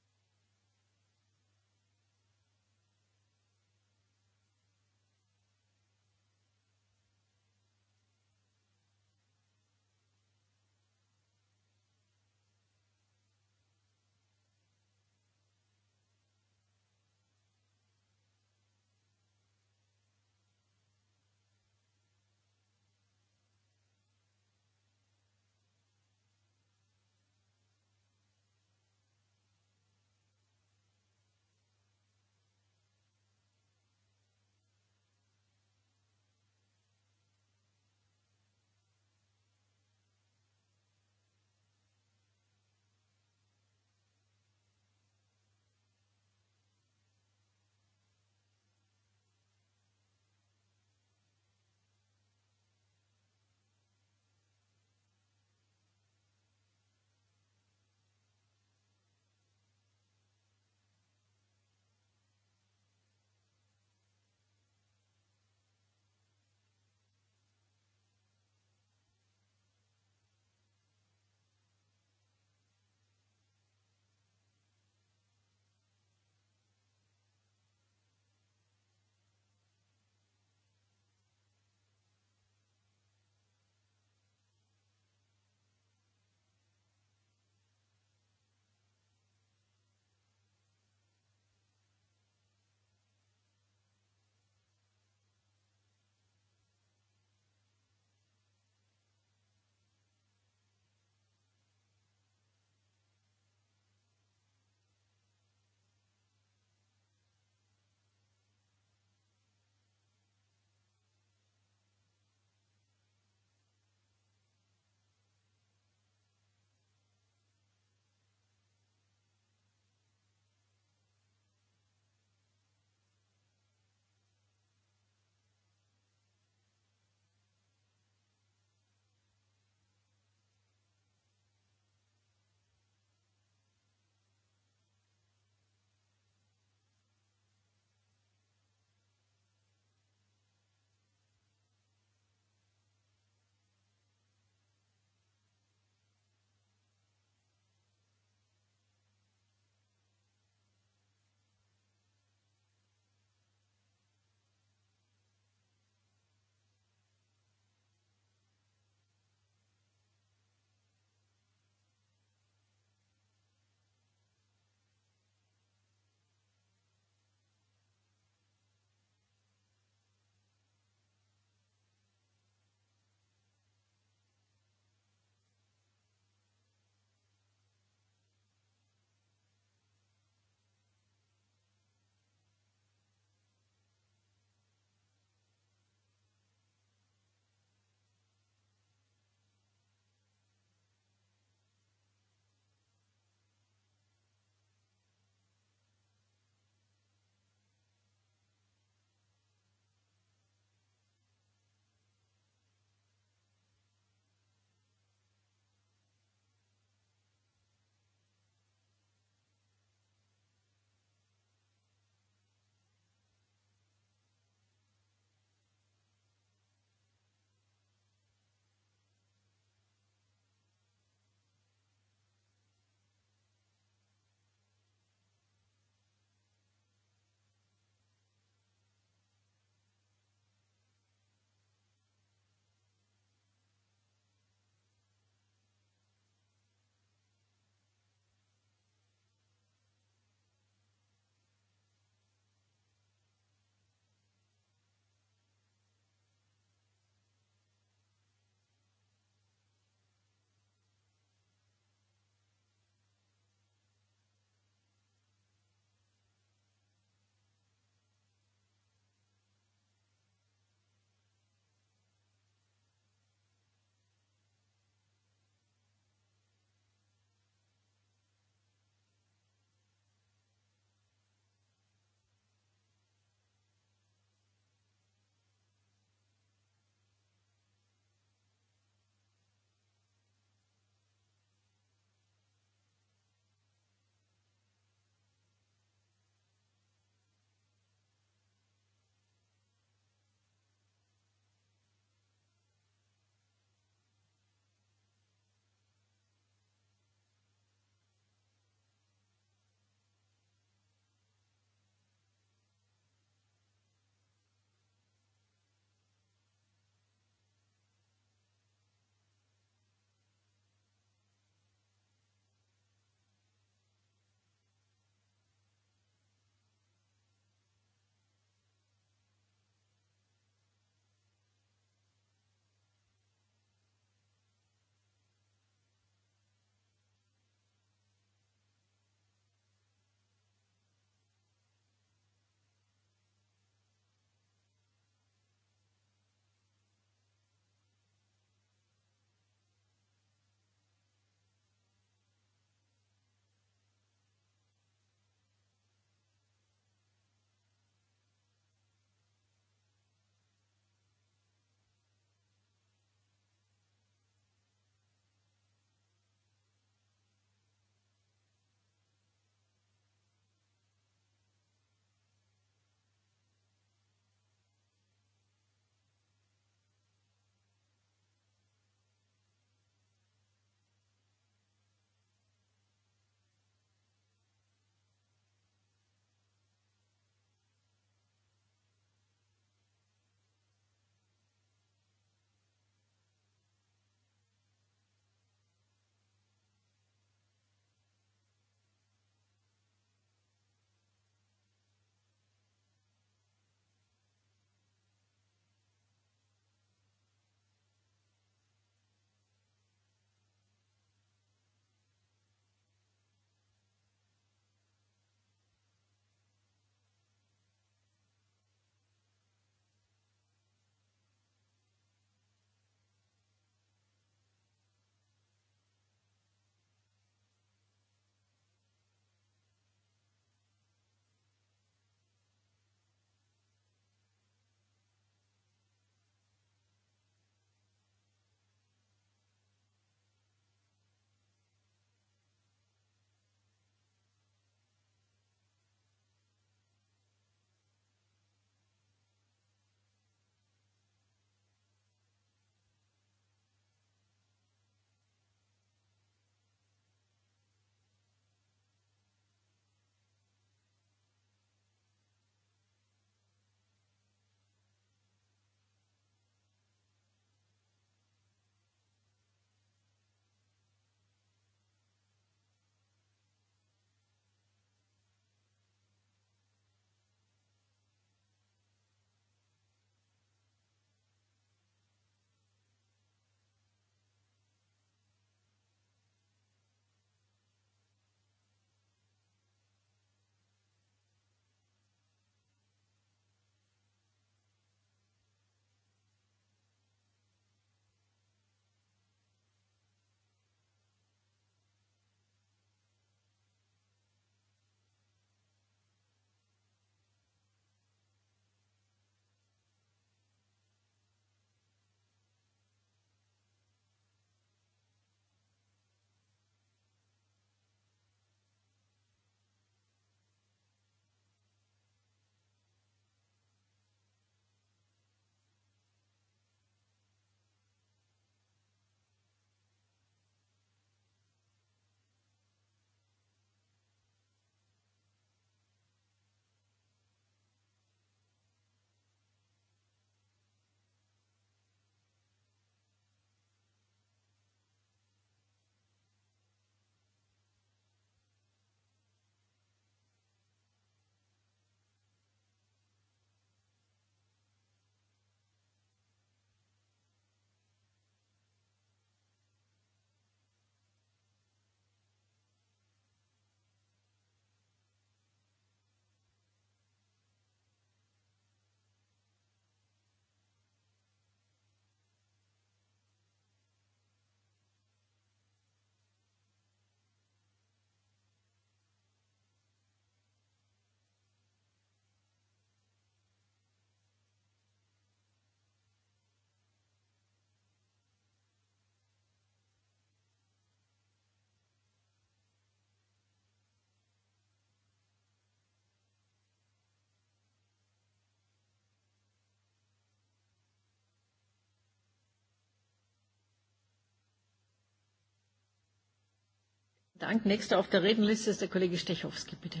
Dank. Nächster auf der ist der Kollege Stechowski, bitte.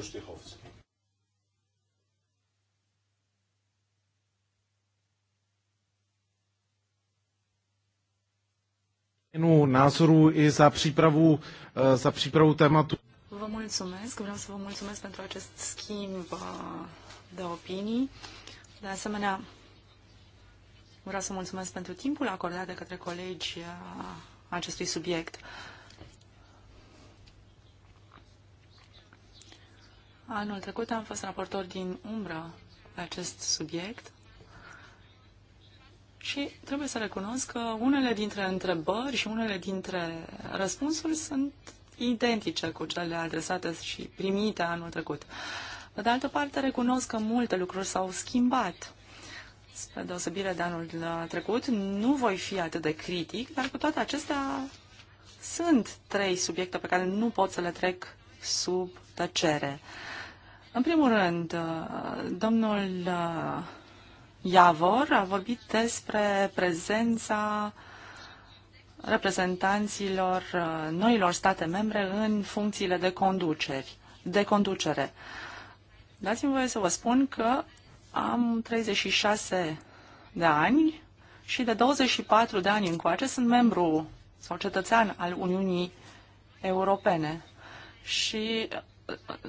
Stechowski. názoru i za přípravu, eh, za přípravu tématu. Vă mulțumesc, vreau să vă mulțumesc pentru acest schimb eh, de opinii. De asemenea, vreau să mulțumesc pentru timpul acordat de către colegi eh, acestui subiect. Anul trecut am fost raportor din umbră pe acest subiect și trebuie să recunosc că unele dintre întrebări și unele dintre răspunsuri sunt identice cu cele adresate și primite anul trecut. Pe de altă parte, recunosc că multe lucruri s-au schimbat. Spre deosebire de anul trecut, nu voi fi atât de critic, dar cu toate acestea sunt trei subiecte pe care nu pot să le trec sub tăcere. În primul rând, uh, domnul uh, Iavor a vorbit despre prezența reprezentanților uh, noilor state membre în funcțiile de, conduceri, de conducere. Dați-mi voie să vă spun că am 36 de ani și de 24 de ani încoace sunt membru sau cetățean al Uniunii Europene. Și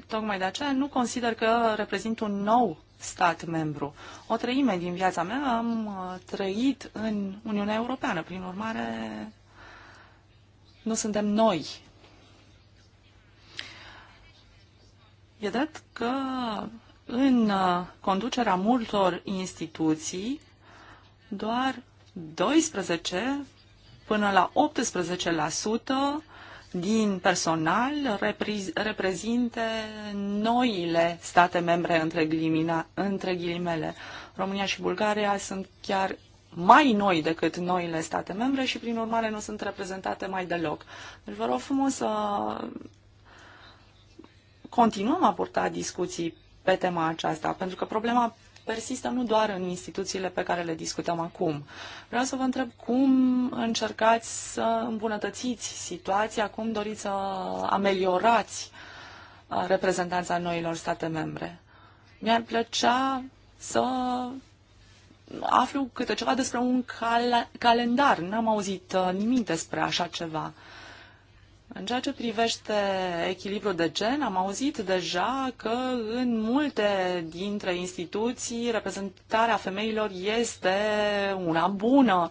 tocmai de aceea nu consider că reprezint un nou stat membru. O treime din viața mea am uh, trăit în Uniunea Europeană, prin urmare nu suntem noi. E drept că în uh, conducerea multor instituții, doar 12 până la 18% din personal reprezinte noile state membre între, glimina, între ghilimele. România și Bulgaria sunt chiar mai noi decât noile state membre și, prin urmare, nu sunt reprezentate mai deloc. Deci vă rog frumos să continuăm a purta discuții pe tema aceasta, pentru că problema persistă nu doar în instituțiile pe care le discutăm acum. Vreau să vă întreb cum încercați să îmbunătățiți situația, cum doriți să ameliorați uh, reprezentanța noilor state membre. Mi-ar plăcea să aflu câte ceva despre un cal- calendar. N-am auzit uh, nimic despre așa ceva. Uh, în ceea ce privește echilibrul de gen, am auzit deja că în multe dintre instituții reprezentarea femeilor este una bună.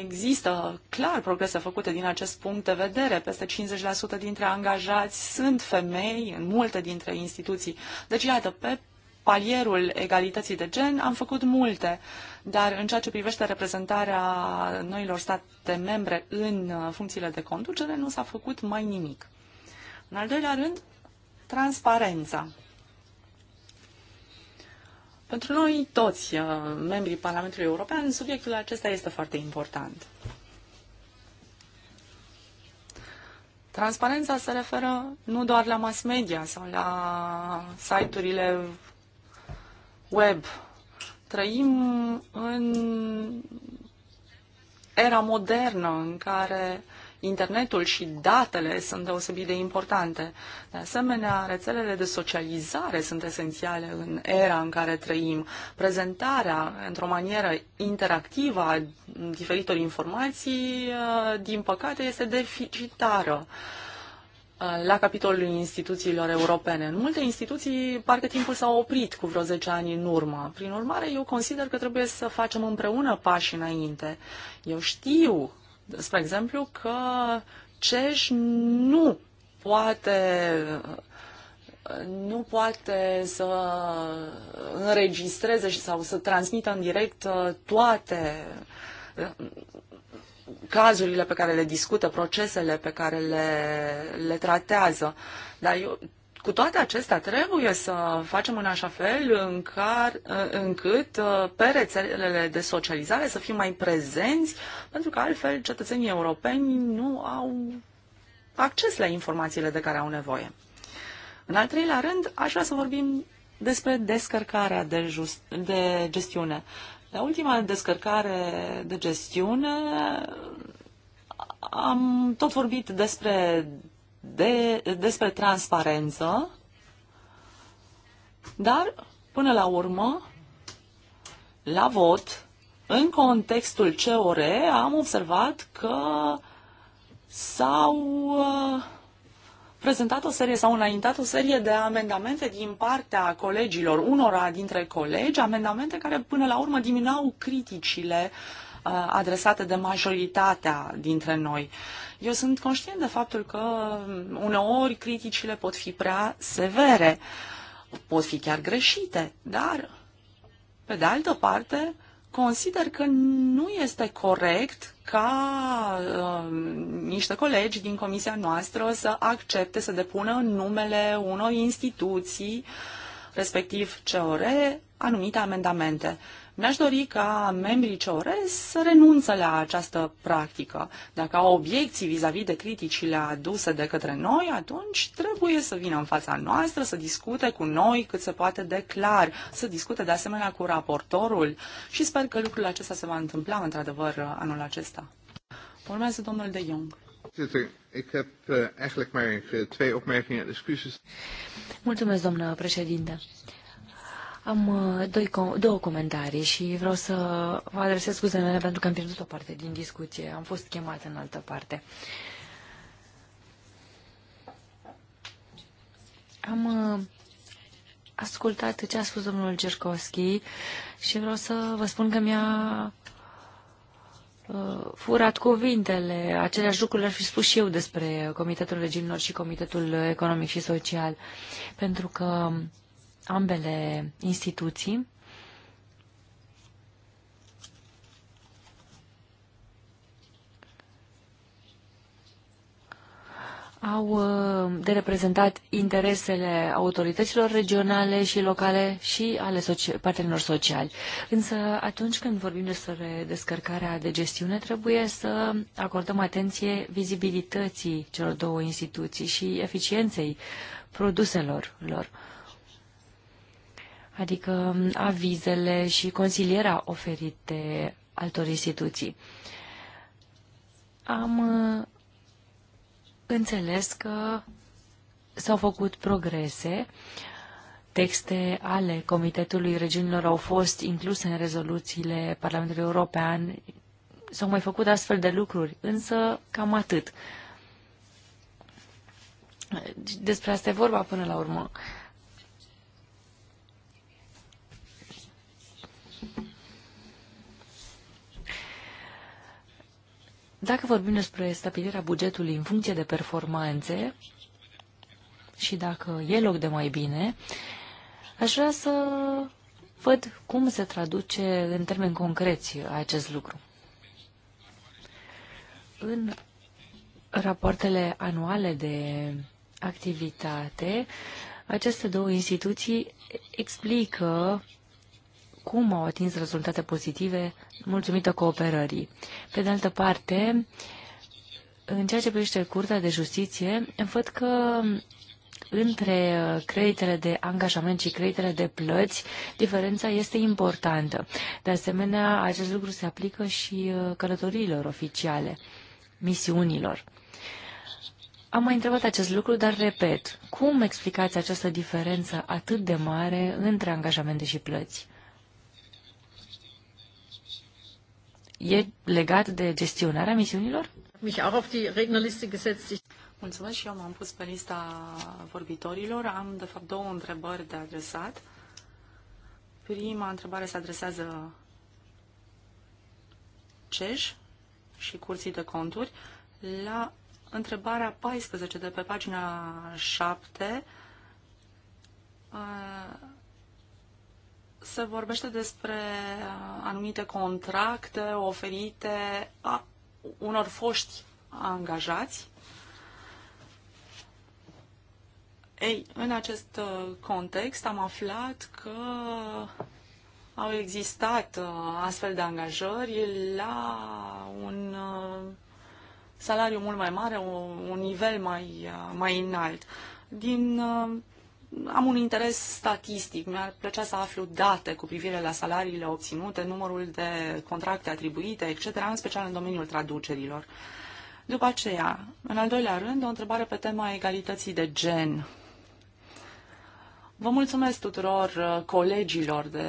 Există clar progrese făcute din acest punct de vedere. Peste 50% dintre angajați sunt femei în multe dintre instituții. Deci, iată, pe palierul egalității de gen am făcut multe, dar în ceea ce privește reprezentarea noilor state membre în uh, funcțiile de conducere, nu s-a făcut mai nimic. În al doilea rând, transparența. Pentru noi toți, uh, membrii Parlamentului European, subiectul acesta este foarte important. Transparența se referă nu doar la mass media sau la site-urile web. Trăim în era modernă în care internetul și datele sunt deosebit de importante. De asemenea, rețelele de socializare sunt esențiale în era în care trăim. Prezentarea într-o manieră interactivă a diferitor informații, uh, din păcate, este deficitară. Uh, Uh, la capitolul instituțiilor europene. În multe instituții, parcă timpul s-a oprit cu vreo 10 ani în urmă. Prin urmare, eu consider că trebuie să facem împreună pași înainte. Eu știu, spre exemplu, că CEJ nu poate nu poate să înregistreze sau să transmită în direct uh, toate uh, cazurile pe care le discută, procesele pe care le, le tratează. Dar eu, cu toate acestea, trebuie să facem în așa fel în car, încât uh, pe rețelele de socializare să fim mai prezenți, pentru că altfel cetățenii europeni nu au acces la informațiile de care au nevoie. În al treilea rând, aș vrea să vorbim despre descărcarea de, just, de gestiune. La ultima descărcare de gestiune am tot vorbit despre, de, despre transparență, dar până la urmă, la vot, în contextul COR, am observat că s-au uh, prezentat o serie sau înaintat o serie de amendamente din partea colegilor, unora dintre colegi, amendamente care până la urmă diminau criticile uh, adresate de majoritatea dintre noi. Eu sunt conștient de faptul că mm, uneori criticile pot fi prea severe, pot fi chiar greșite, dar, pe de altă parte, consider că nu este corect ca uh, niște colegi din comisia noastră să accepte să depună în numele unor instituții, respectiv CEOR, anumite amendamente. Uh, mi-aș dori ca membrii CEORES să renunță la această practică. Dacă au obiecții vis-a-vis -vis de criticile aduse de către noi, atunci trebuie să vină în fața noastră, să discute cu noi cât se poate de clar, să discute de asemenea cu raportorul și sper că lucrul acesta se va întâmpla într-adevăr anul acesta. Urmează domnul De Jong. Eh, eh, Mulțumesc, domnule președinte. Am uh, doi, două comentarii și vreau să vă adresez scuze mele pentru că am pierdut o parte din discuție. Am fost chemat în altă parte. Am uh, ascultat ce a spus domnul Cercoschi și vreau să vă spun că mi-a uh, furat cuvintele. Aceleași lucruri le-aș fi spus și eu despre Comitetul Regimilor și Comitetul Economic și Social. Pentru că ambele instituții au uh, de reprezentat interesele autorităților regionale și locale și ale soci- partenerilor sociali. Însă atunci când vorbim despre descărcarea de gestiune, trebuie să acordăm atenție vizibilității celor două instituții și eficienței produselor lor adică um, avizele și consilierea oferite altor instituții. Am uh, înțeles că s-au făcut progrese, texte ale Comitetului Regiunilor au fost incluse în rezoluțiile Parlamentului European, s-au mai făcut astfel de lucruri, însă cam atât. Despre asta e vorba până la urmă. Uh, Dacă vorbim despre stabilirea bugetului în funcție de performanțe și dacă e loc de mai bine, aș vrea să văd cum se traduce în termeni concreți acest lucru. În rapoartele anuale de activitate, aceste două instituții explică cum au atins rezultate pozitive mulțumită cooperării. Pe de altă parte, în ceea ce privește Curtea de Justiție, văd că între creditele de angajament și creditele de plăți, diferența este importantă. De asemenea, acest lucru se aplică și uh, călătoriilor oficiale, misiunilor. Am mai întrebat acest lucru, dar repet, cum explicați această diferență atât de mare între angajamente și plăți? e legat de gestionarea misiunilor? Mich auch auf die Rednerliste gesetzt. Mulțumesc și eu m-am pus pe lista vorbitorilor. Am, de fapt, două întrebări de adresat. Prima întrebare se adresează CEJ și Curții de Conturi. La întrebarea 14 de pe pagina 7, se vorbește despre uh, anumite contracte oferite a unor foști angajați. Ei, în acest uh, context am aflat că au existat uh, astfel de angajări la un salariu mult mai mare, un nivel mai, mai înalt. Din am un interes statistic. Mi-ar plăcea să aflu date cu privire la salariile obținute, numărul de contracte atribuite, etc., în special în domeniul traducerilor. După aceea, în al doilea rând, o întrebare pe tema egalității de gen. Vă mulțumesc tuturor uh, colegilor de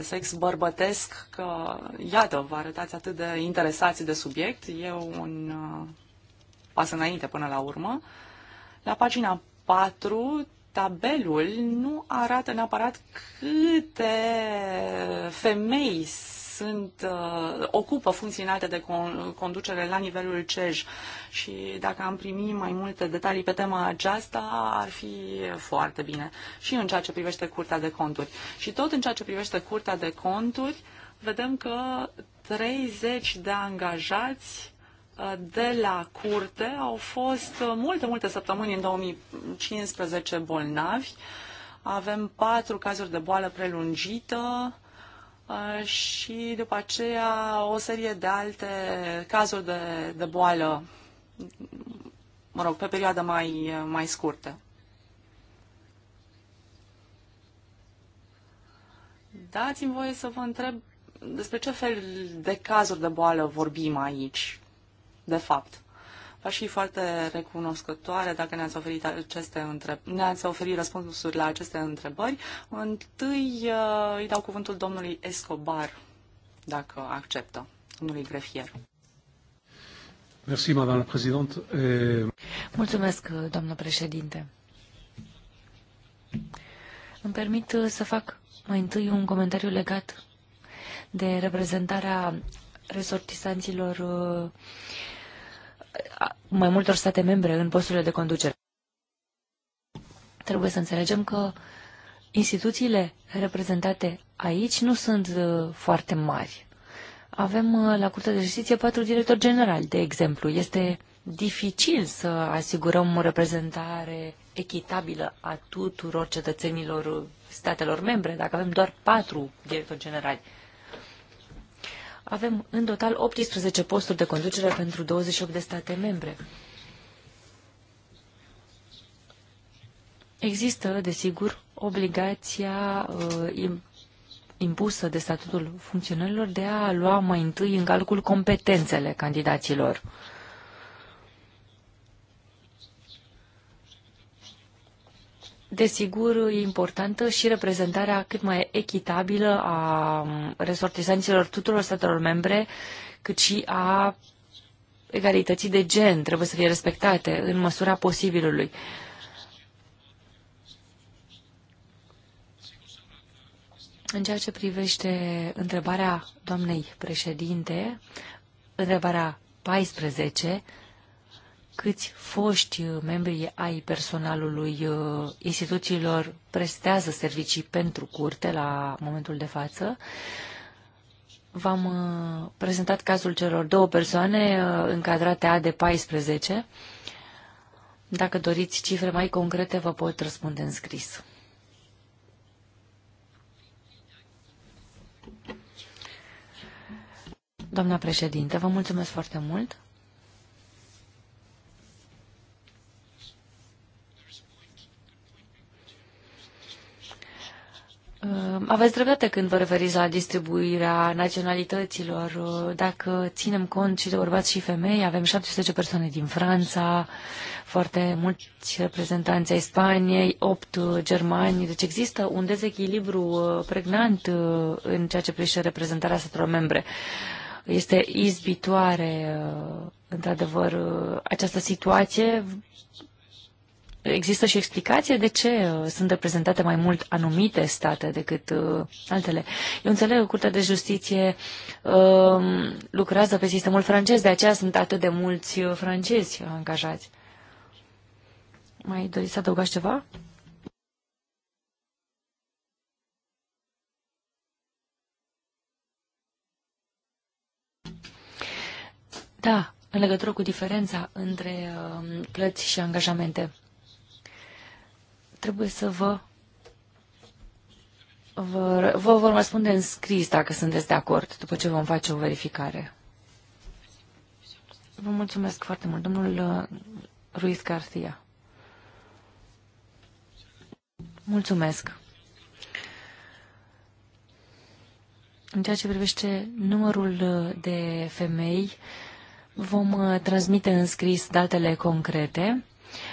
sex bărbătesc că, iată, vă arătați atât de interesați de subiect. E un uh, pas înainte până la urmă. La pagina 4 tabelul nu arată neapărat câte femei sunt, uh, ocupă funcții înalte de con- conducere la nivelul CEJ și dacă am primi mai multe detalii pe tema aceasta, ar fi foarte bine. Și în ceea ce privește Curtea de Conturi. Și tot în ceea ce privește Curtea de Conturi, vedem că 30 de angajați de la curte au fost uh, multe, multe săptămâni în 2015 bolnavi. Avem patru cazuri de boală prelungită uh, și după aceea o serie de alte cazuri de, de boală, mă rog, pe perioadă mai, mai scurtă. Dați-mi voie să vă întreb despre ce fel de cazuri de boală vorbim aici? de fapt. V-aș fi foarte recunoscătoare dacă ne-ați oferit, aceste între... ne-ați oferit răspunsuri la aceste întrebări. Întâi uh, îi dau cuvântul domnului Escobar, dacă acceptă, domnului grefier. Mersi, doamnă președinte. Eh, Mulțumesc, doamnă președinte. Îmi permit uh, să fac mai întâi un comentariu legat de reprezentarea resortisanților uh, mai multor state membre în posturile de conducere. Trebuie să înțelegem că instituțiile reprezentate aici nu sunt uh, foarte mari. Avem uh, la Curtea de Justiție patru directori generali, de exemplu. Este dificil să asigurăm o reprezentare echitabilă a tuturor cetățenilor statelor membre, dacă avem doar patru directori generali. Avem în total 18 posturi de conducere pentru 28 de state membre. Există, desigur, obligația uh, impusă de statutul funcționarilor de a lua mai întâi în calcul competențele candidaților. Desigur, e importantă și reprezentarea cât mai echitabilă a resortizanților tuturor statelor membre, cât și a egalității de gen trebuie să fie respectate în măsura posibilului. În ceea ce privește întrebarea doamnei președinte, întrebarea 14, câți foști membrii ai personalului uh, instituțiilor prestează servicii pentru curte la momentul de față. V-am uh, prezentat cazul celor două persoane uh, încadrate A de 14. Dacă doriți cifre mai concrete, vă pot răspunde în scris. Doamna președinte, vă mulțumesc foarte mult. Ehm, aveți dreptate când vă referiți la distribuirea naționalităților. Dacă ținem cont și de bărbați și femei, avem 710 persoane din Franța, foarte mulți reprezentanți ai Spaniei, 8 germani. Deci există un dezechilibru eh, pregnant eh, în ceea ce privește reprezentarea statelor membre. Este izbitoare, eh, într-adevăr, această situație există și explicație de ce uh, sunt reprezentate mai mult anumite state decât uh, altele. Eu înțeleg că Curtea de Justiție um, lucrează pe sistemul francez, de aceea sunt atât de mulți uh, francezi angajați. Mai doriți să adăugați ceva? Da, în legătură cu diferența între um, plăți și angajamente trebuie să vă, vă, vă vom răspunde în scris dacă sunteți de acord, după ce vom face o verificare. Vă mulțumesc foarte mult, domnul uh, Ruiz Garcia. Mulțumesc. În ceea ce privește numărul uh, de femei, vom uh, transmite în scris datele concrete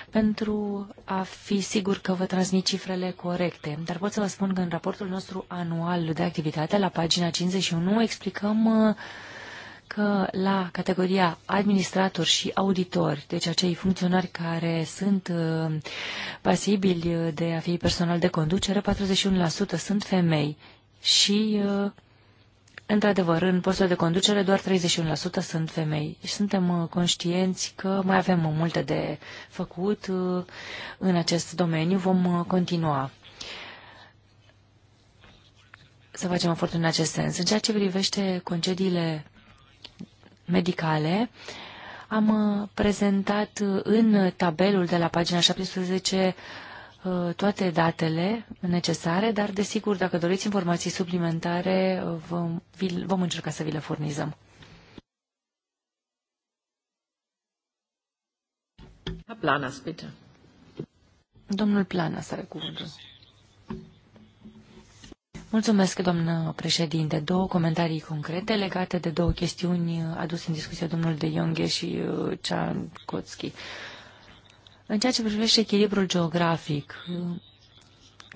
pentru a fi sigur că vă transmit cifrele corecte. Dar pot să vă spun că în raportul nostru anual de activitate, la pagina 51, explicăm uh, că la categoria administratori și auditori, deci acei funcționari care sunt uh, pasibili de a fi personal de conducere, 41% sunt femei și uh, Într-adevăr, în postul de conducere doar 31% sunt femei. Suntem uh, conștienți că mai avem uh, multe de făcut uh, în acest domeniu. Vom continua să facem efort în acest sens. În ceea ce privește concediile medicale, am prezentat în tabelul de la pagina 17 Uh, toate datele necesare, dar desigur, dacă doriți informații suplimentare, uh, vom, vom încerca să vi le furnizăm. Planas, bitte. Domnul Planas are cuvântul. Mulțumesc, doamnă președinte. Două comentarii concrete legate de două chestiuni aduse în discuție domnul de Ionghe și Kotski. Uh, în ceea ce privește echilibrul geografic,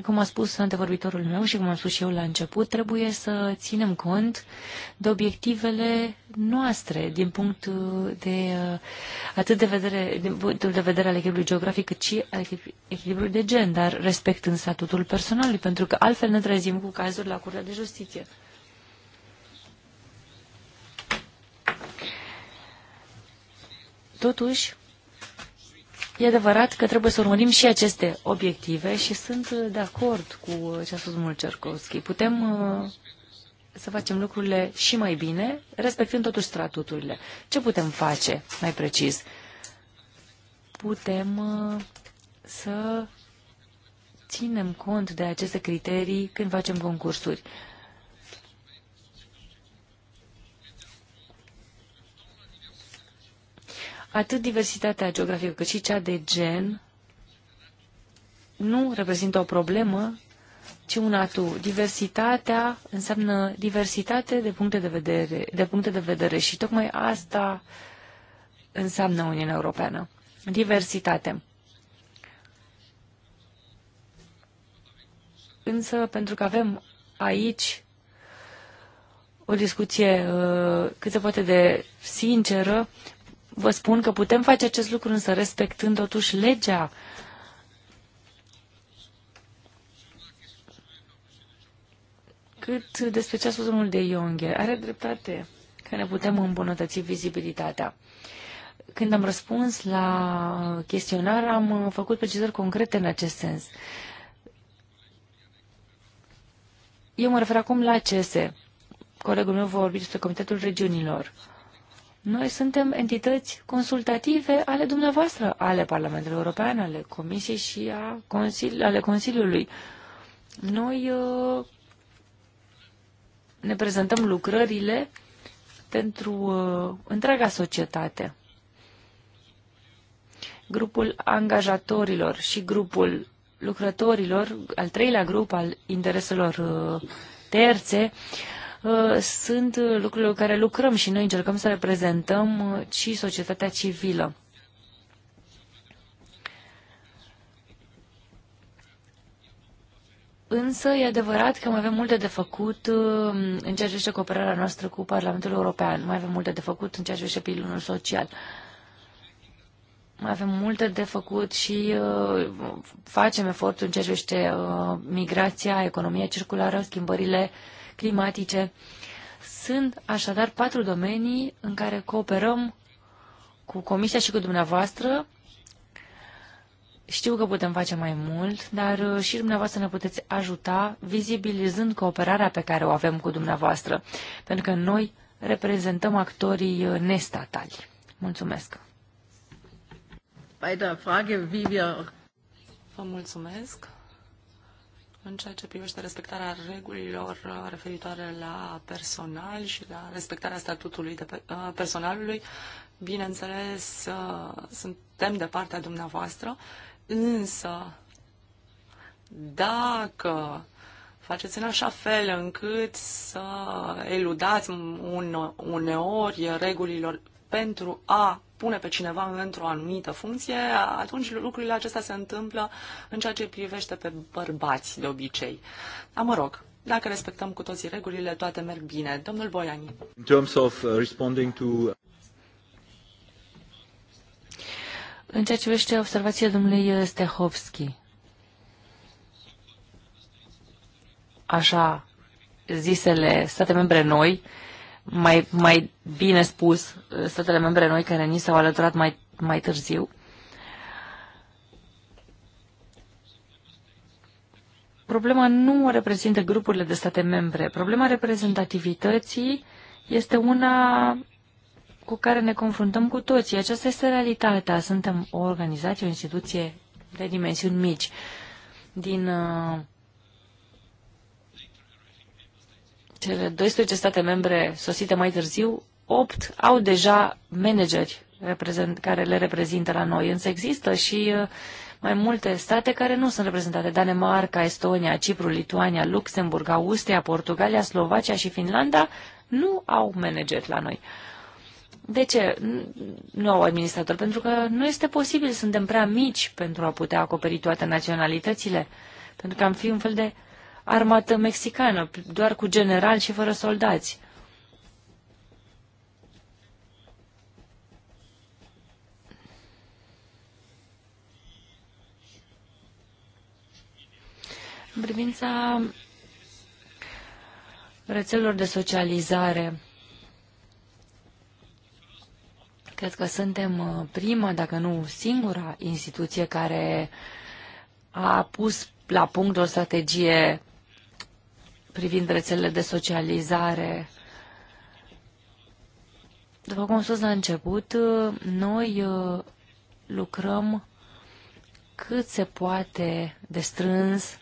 cum a spus antevorbitorul meu și cum am spus și eu la început, trebuie să ținem cont de obiectivele noastre din punctul de uh, atât de vedere, din punctul de vedere al echilibrului geografic, cât și al echilibrului de gen, dar respectând statutul personalului, pentru că altfel ne trezim cu cazuri la Curtea de Justiție. Totuși, E adevărat că trebuie să urmărim și aceste obiective și sunt de acord cu ce a spus Mulcerkovski. Putem uh, să facem lucrurile și mai bine, respectând totuși statuturile. Ce putem face mai precis? Putem uh, să ținem cont de aceste criterii când facem concursuri. atât diversitatea geografică cât și cea de gen nu reprezintă o problemă, ci un atu. Diversitatea înseamnă diversitate de puncte de vedere, de puncte de vedere și tocmai asta înseamnă Uniunea Europeană. Diversitate. Însă, pentru că avem aici o discuție uh, cât se poate de sinceră, vă spun că putem face acest lucru, însă respectând totuși legea. Cât despre ce a spus domnul de Ionghe, are dreptate că ne putem îmbunătăți vizibilitatea. Când am răspuns la chestionar, am făcut precizări concrete în acest sens. Eu mă refer acum la CESE. Colegul meu va despre Comitetul Regiunilor. Noi suntem entități consultative ale dumneavoastră, ale Parlamentului European, ale Comisiei și a Consili ale Consiliului. Noi uh, ne prezentăm lucrările pentru uh, întreaga societate. Grupul angajatorilor și grupul lucrătorilor, al treilea grup al intereselor uh, terțe, Uh, sunt lucrurile cu care lucrăm și noi încercăm să reprezentăm uh, și societatea civilă. Însă e adevărat că mai avem multe de făcut uh, în ceea ce privește cooperarea noastră cu Parlamentul European. Mai avem multe de făcut în ceea ce privește pilonul social. Mai avem multe de făcut și uh, facem eforturi în ceea ce privește uh, migrația, economia circulară, schimbările uh, climatice. Sunt așadar patru domenii în care cooperăm cu Comisia și cu dumneavoastră. Știu că putem face mai mult, dar uh, și dumneavoastră ne puteți ajuta vizibilizând cooperarea pe care o avem cu dumneavoastră, pentru că noi reprezentăm actorii uh, nestatali. Mulțumesc! Vă mulțumesc! în ceea ce privește respectarea regulilor uh, referitoare la personal și la respectarea statutului de uh, personalului. Bineînțeles, uh, suntem de partea dumneavoastră, însă dacă faceți în așa fel încât să eludați un, uneori regulilor pentru a pune pe cineva într-o anumită funcție, atunci lucrurile acestea se întâmplă în ceea ce privește pe bărbați de obicei. Dar mă rog, dacă respectăm cu toții regulile, toate merg bine. Domnul Boiani. In terms of uh, responding to uh, În ceea ce privește observația domnului uh, Stehovski, așa zisele state membre noi, mai, mai bine spus, uh, statele membre noi care ni s-au alăturat mai, mai târziu. Problema nu reprezintă grupurile de state membre. Problema reprezentativității este una cu care ne confruntăm cu toții. Aceasta este realitatea. Suntem o organizație, o instituție de dimensiuni mici. Din uh, Cele 12 state membre sosite mai târziu, 8 au deja manageri care le reprezintă la noi, însă există și uh, mai multe state care nu sunt reprezentate. Danemarca, Estonia, Cipru, Lituania, Luxemburg, Austria, Portugalia, Slovacia și Finlanda nu au manageri la noi. De ce nu au administrator? Pentru că nu este posibil, suntem prea mici pentru a putea acoperi toate naționalitățile, pentru că am fi un fel de armată mexicană, doar cu generali și fără soldați. În privința rețelelor de socializare, cred că suntem uh, prima, dacă nu singura instituție care a pus la punct o strategie privind rețelele de socializare. După cum am spus la început, noi uh, lucrăm cât se poate de strâns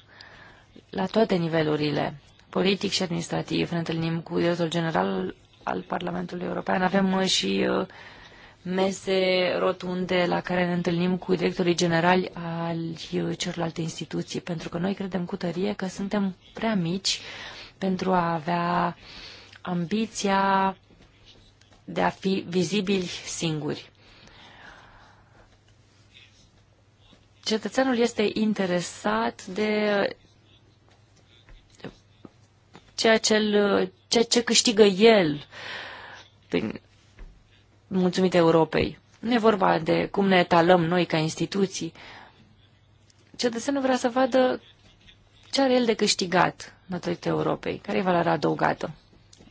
la toate nivelurile, politic și administrativ. Ne întâlnim cu directorul general al Parlamentului European. Avem uh, și uh, mese rotunde la care ne întâlnim cu directorii generali al celorlalte instituții, pentru că noi credem cu tărie că suntem prea mici pentru a avea ambiția de a fi vizibili singuri. Cetățeanul este interesat de ceea ce, ceea ce câștigă el prin mulțumit Europei. Nu e vorba de cum ne etalăm noi ca instituții. Cetățenul vrea să vadă ce are el de câștigat datorită Europei, care e valoarea adăugată.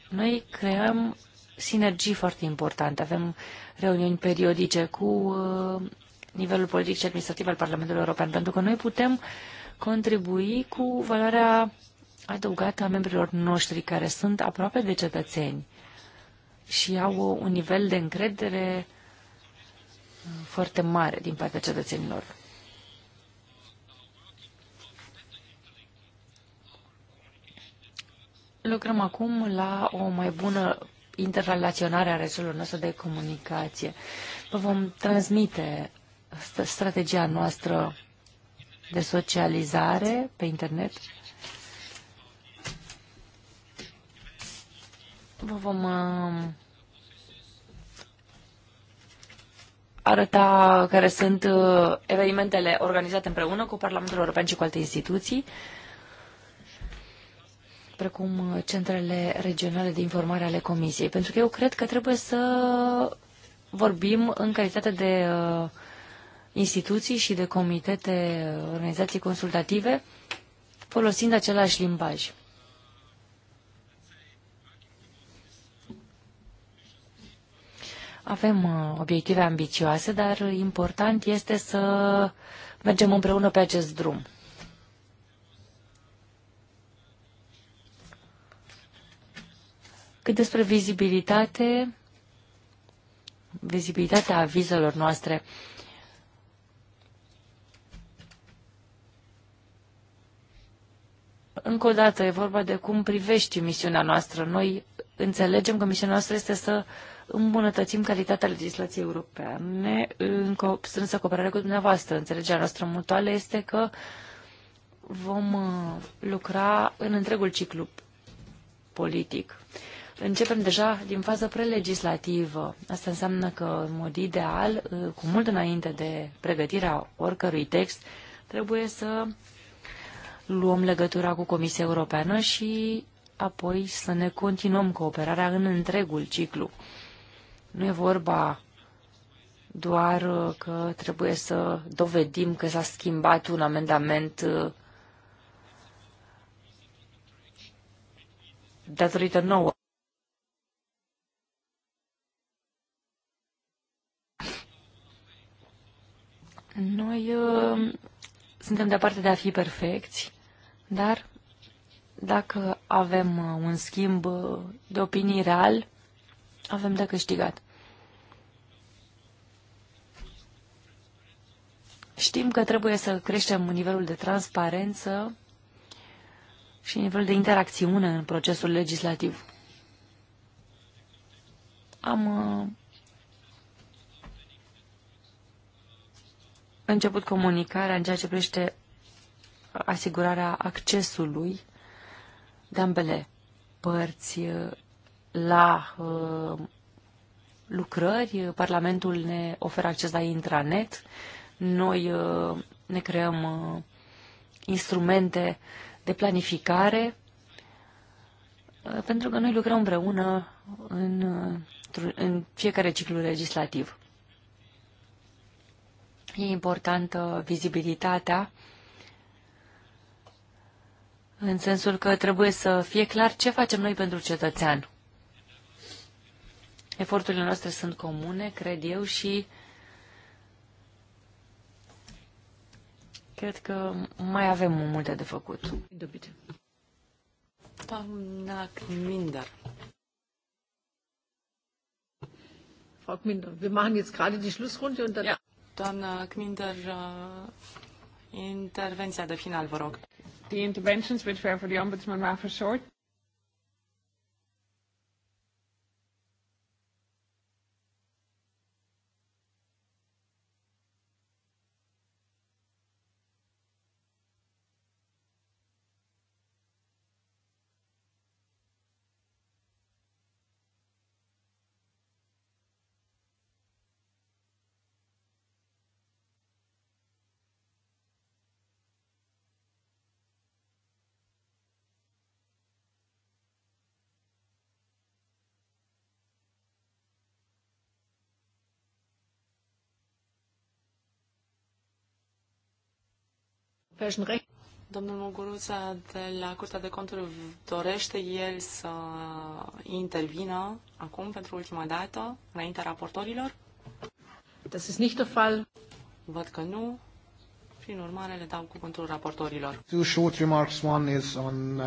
Noi creăm sinergii foarte importante. Avem reuniuni periodice cu uh, nivelul politic și administrativ al Parlamentului European, pentru că noi putem contribui cu valoarea adăugată a membrilor noștri care sunt aproape de cetățeni și au un nivel de încredere uh, foarte mare din partea cetățenilor. Lucrăm acum la o mai bună interrelaționare a rețelelor noastre de comunicație. Vă vom transmite strategia noastră de socializare pe internet Vă vom uh, arăta care sunt uh, evenimentele organizate împreună cu Parlamentul European și cu alte instituții, precum uh, centrele regionale de informare ale Comisiei. Pentru că eu cred că trebuie să vorbim în calitate de instituții și de comitete, organizații consultative, folosind același limbaj. Avem uh, obiective ambițioase, dar important este să mergem împreună pe acest drum. Cât despre vizibilitate, vizibilitatea avizelor noastre, încă o dată, e vorba de cum privești misiunea noastră. Noi înțelegem că misiunea noastră este să uh, îmbunătățim calitatea legislației europene în co- strânsă cooperare cu dumneavoastră. Înțelegerea noastră mutuală este că vom uh, lucra în întregul ciclu politic. Începem deja din fază prelegislativă. Asta înseamnă că, în mod ideal, uh, cu mult înainte de pregătirea oricărui text, trebuie să luăm legătura cu Comisia Europeană și apoi să ne continuăm cooperarea în întregul ciclu. Nu e vorba doar uh, că trebuie să dovedim că s-a schimbat un amendament uh, datorită nouă. Noi uh, suntem departe de a fi perfecți, dar dacă avem uh, un schimb de opinii real, avem de câștigat. Știm că trebuie să creștem nivelul de transparență și nivelul de interacțiune în procesul legislativ. Am uh, început comunicarea în ceea ce privește asigurarea accesului de ambele părți uh, la uh, lucrări. Parlamentul ne oferă acces la intranet. Noi uh, ne creăm uh, instrumente de planificare uh, pentru că noi lucrăm împreună în, în fiecare ciclu legislativ. E importantă vizibilitatea în sensul că trebuie să fie clar ce facem noi pentru cetățean. Eforturile noastre sunt comune, cred eu, și cred că mai avem multe de făcut. Doamna Minder. Frau Kminder, wir machen jetzt gerade die Schlussrunde und dann... Ja. Doamna Kminder, uh, intervenția de final, vă rog. The interventions which were for the Ombudsman were for short Domnul Muguruța de la Curtea de Conturi dorește el să intervină acum pentru ultima dată, înaintea raportorilor? Das ist nicht der Fall. Văd că nu. Prin urmare, le dau cuvântul raportorilor. Two short remarks. One is on uh,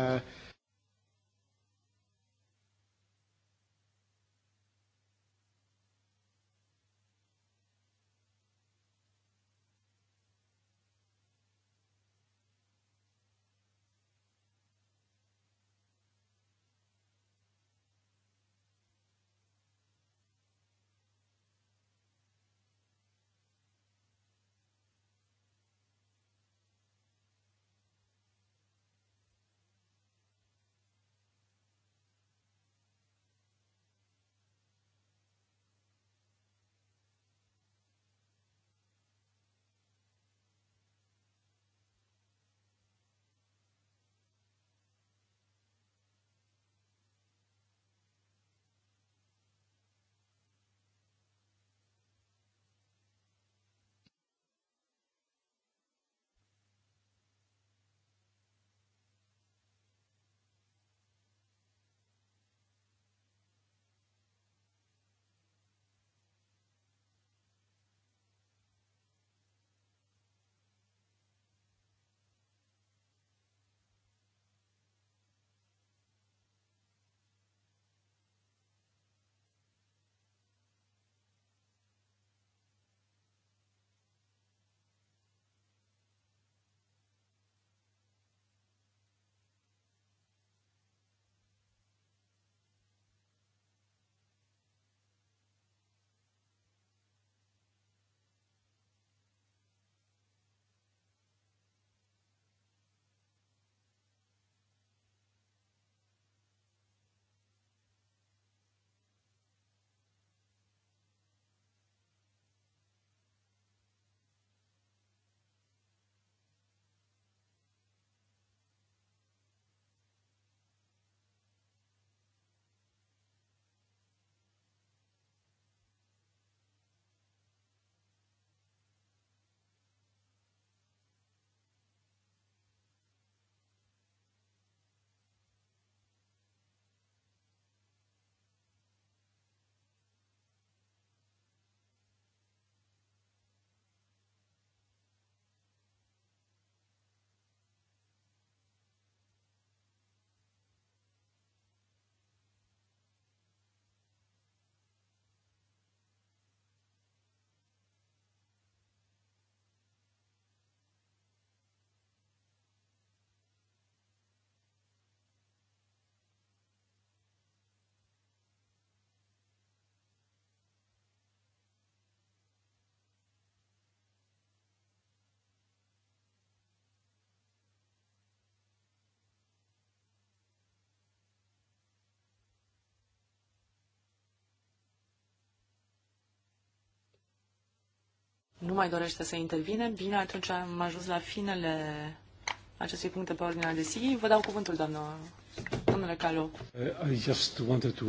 nu mai dorește să intervine, bine, atunci am ajuns la finele acestui punct pe ordinea de zi. Vă dau cuvântul, doamnă, domnule Calo. Uh, I just wanted to...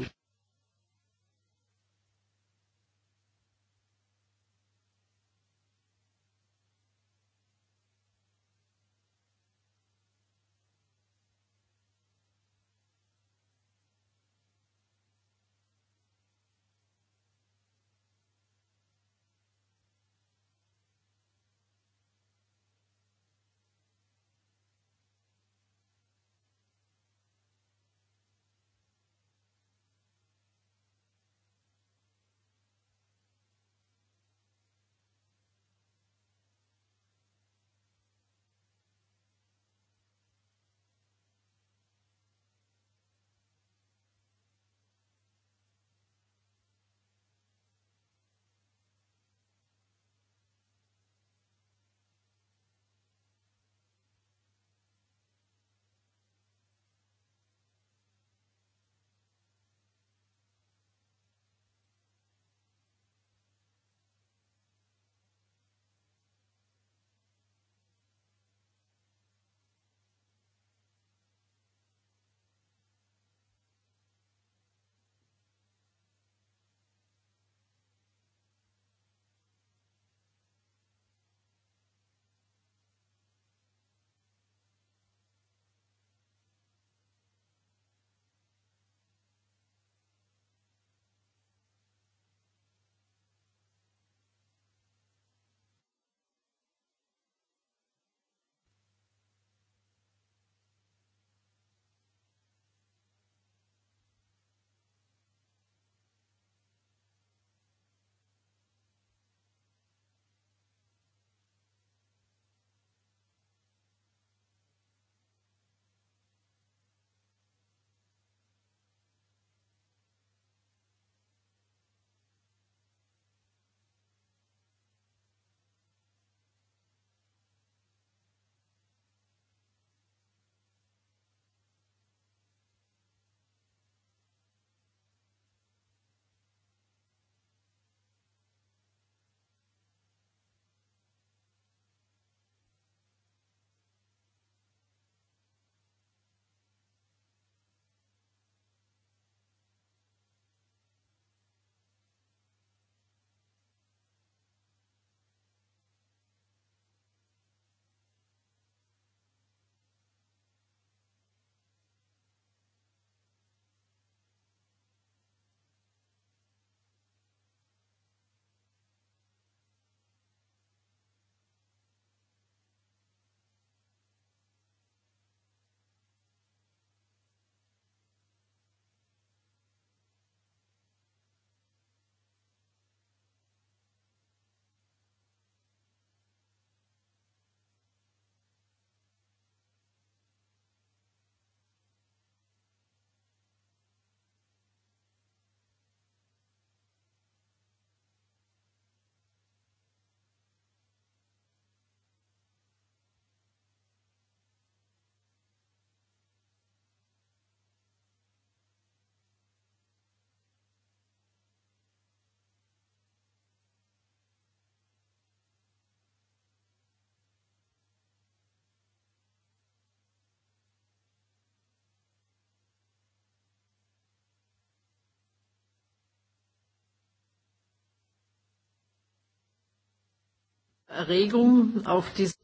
Erregung auf diese.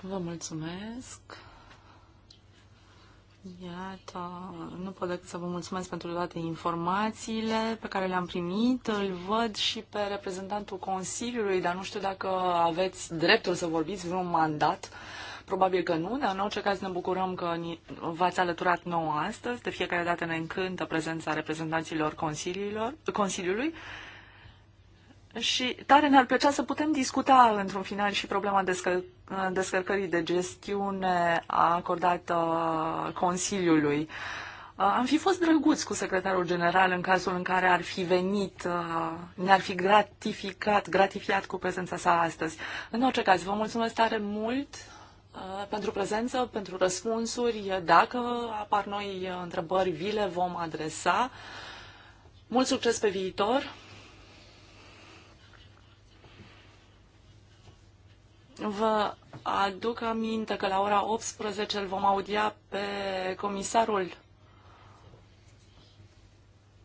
Vă mulțumesc. Iată, nu pot decât să vă mulțumesc pentru toate informațiile pe care le-am primit. Îl văd și pe reprezentantul Consiliului, dar nu știu dacă aveți dreptul să vorbiți vreun mandat. Probabil că nu, dar în orice caz ne bucurăm că v-ați alăturat nouă astăzi. De fiecare dată ne încântă prezența reprezentanților Consiliilor, Consiliului. Și tare ne-ar plăcea să putem discuta într-un final și problema descăl- descărcării de gestiune acordată Consiliului. Uh, am fi fost drăguți cu secretarul general în cazul în care ar fi venit, uh, ne-ar fi gratificat, gratifiat cu prezența sa astăzi. În orice caz, vă mulțumesc tare mult uh, pentru prezență, pentru răspunsuri. Dacă apar noi întrebări, vi le vom adresa. Mult succes pe viitor! Vă aduc aminte că la ora 18 îl vom audia pe comisarul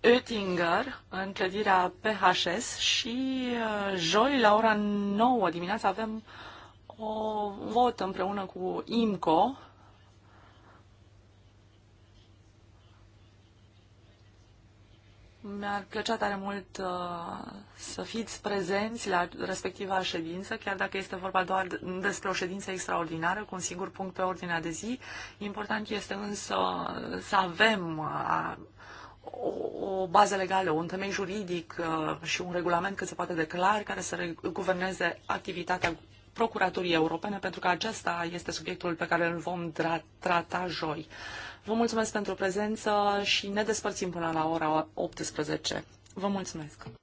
Oettinger în clădirea PHS și uh, joi la ora 9 dimineața avem o vot împreună cu IMCO Mi-ar plăcea tare mult uh, să fiți prezenți la respectiva ședință, chiar dacă este vorba doar despre o ședință extraordinară, cu un singur punct pe ordinea de zi. Important este însă să avem uh, o, o bază legală, un temei juridic uh, și un regulament cât se poate de clar care să guverneze activitatea Procuraturii Europene, pentru că acesta este subiectul pe care îl vom tra trata joi. Uh, Vă mulțumesc pentru prezență și ne despărțim până la ora 18. Vă mulțumesc!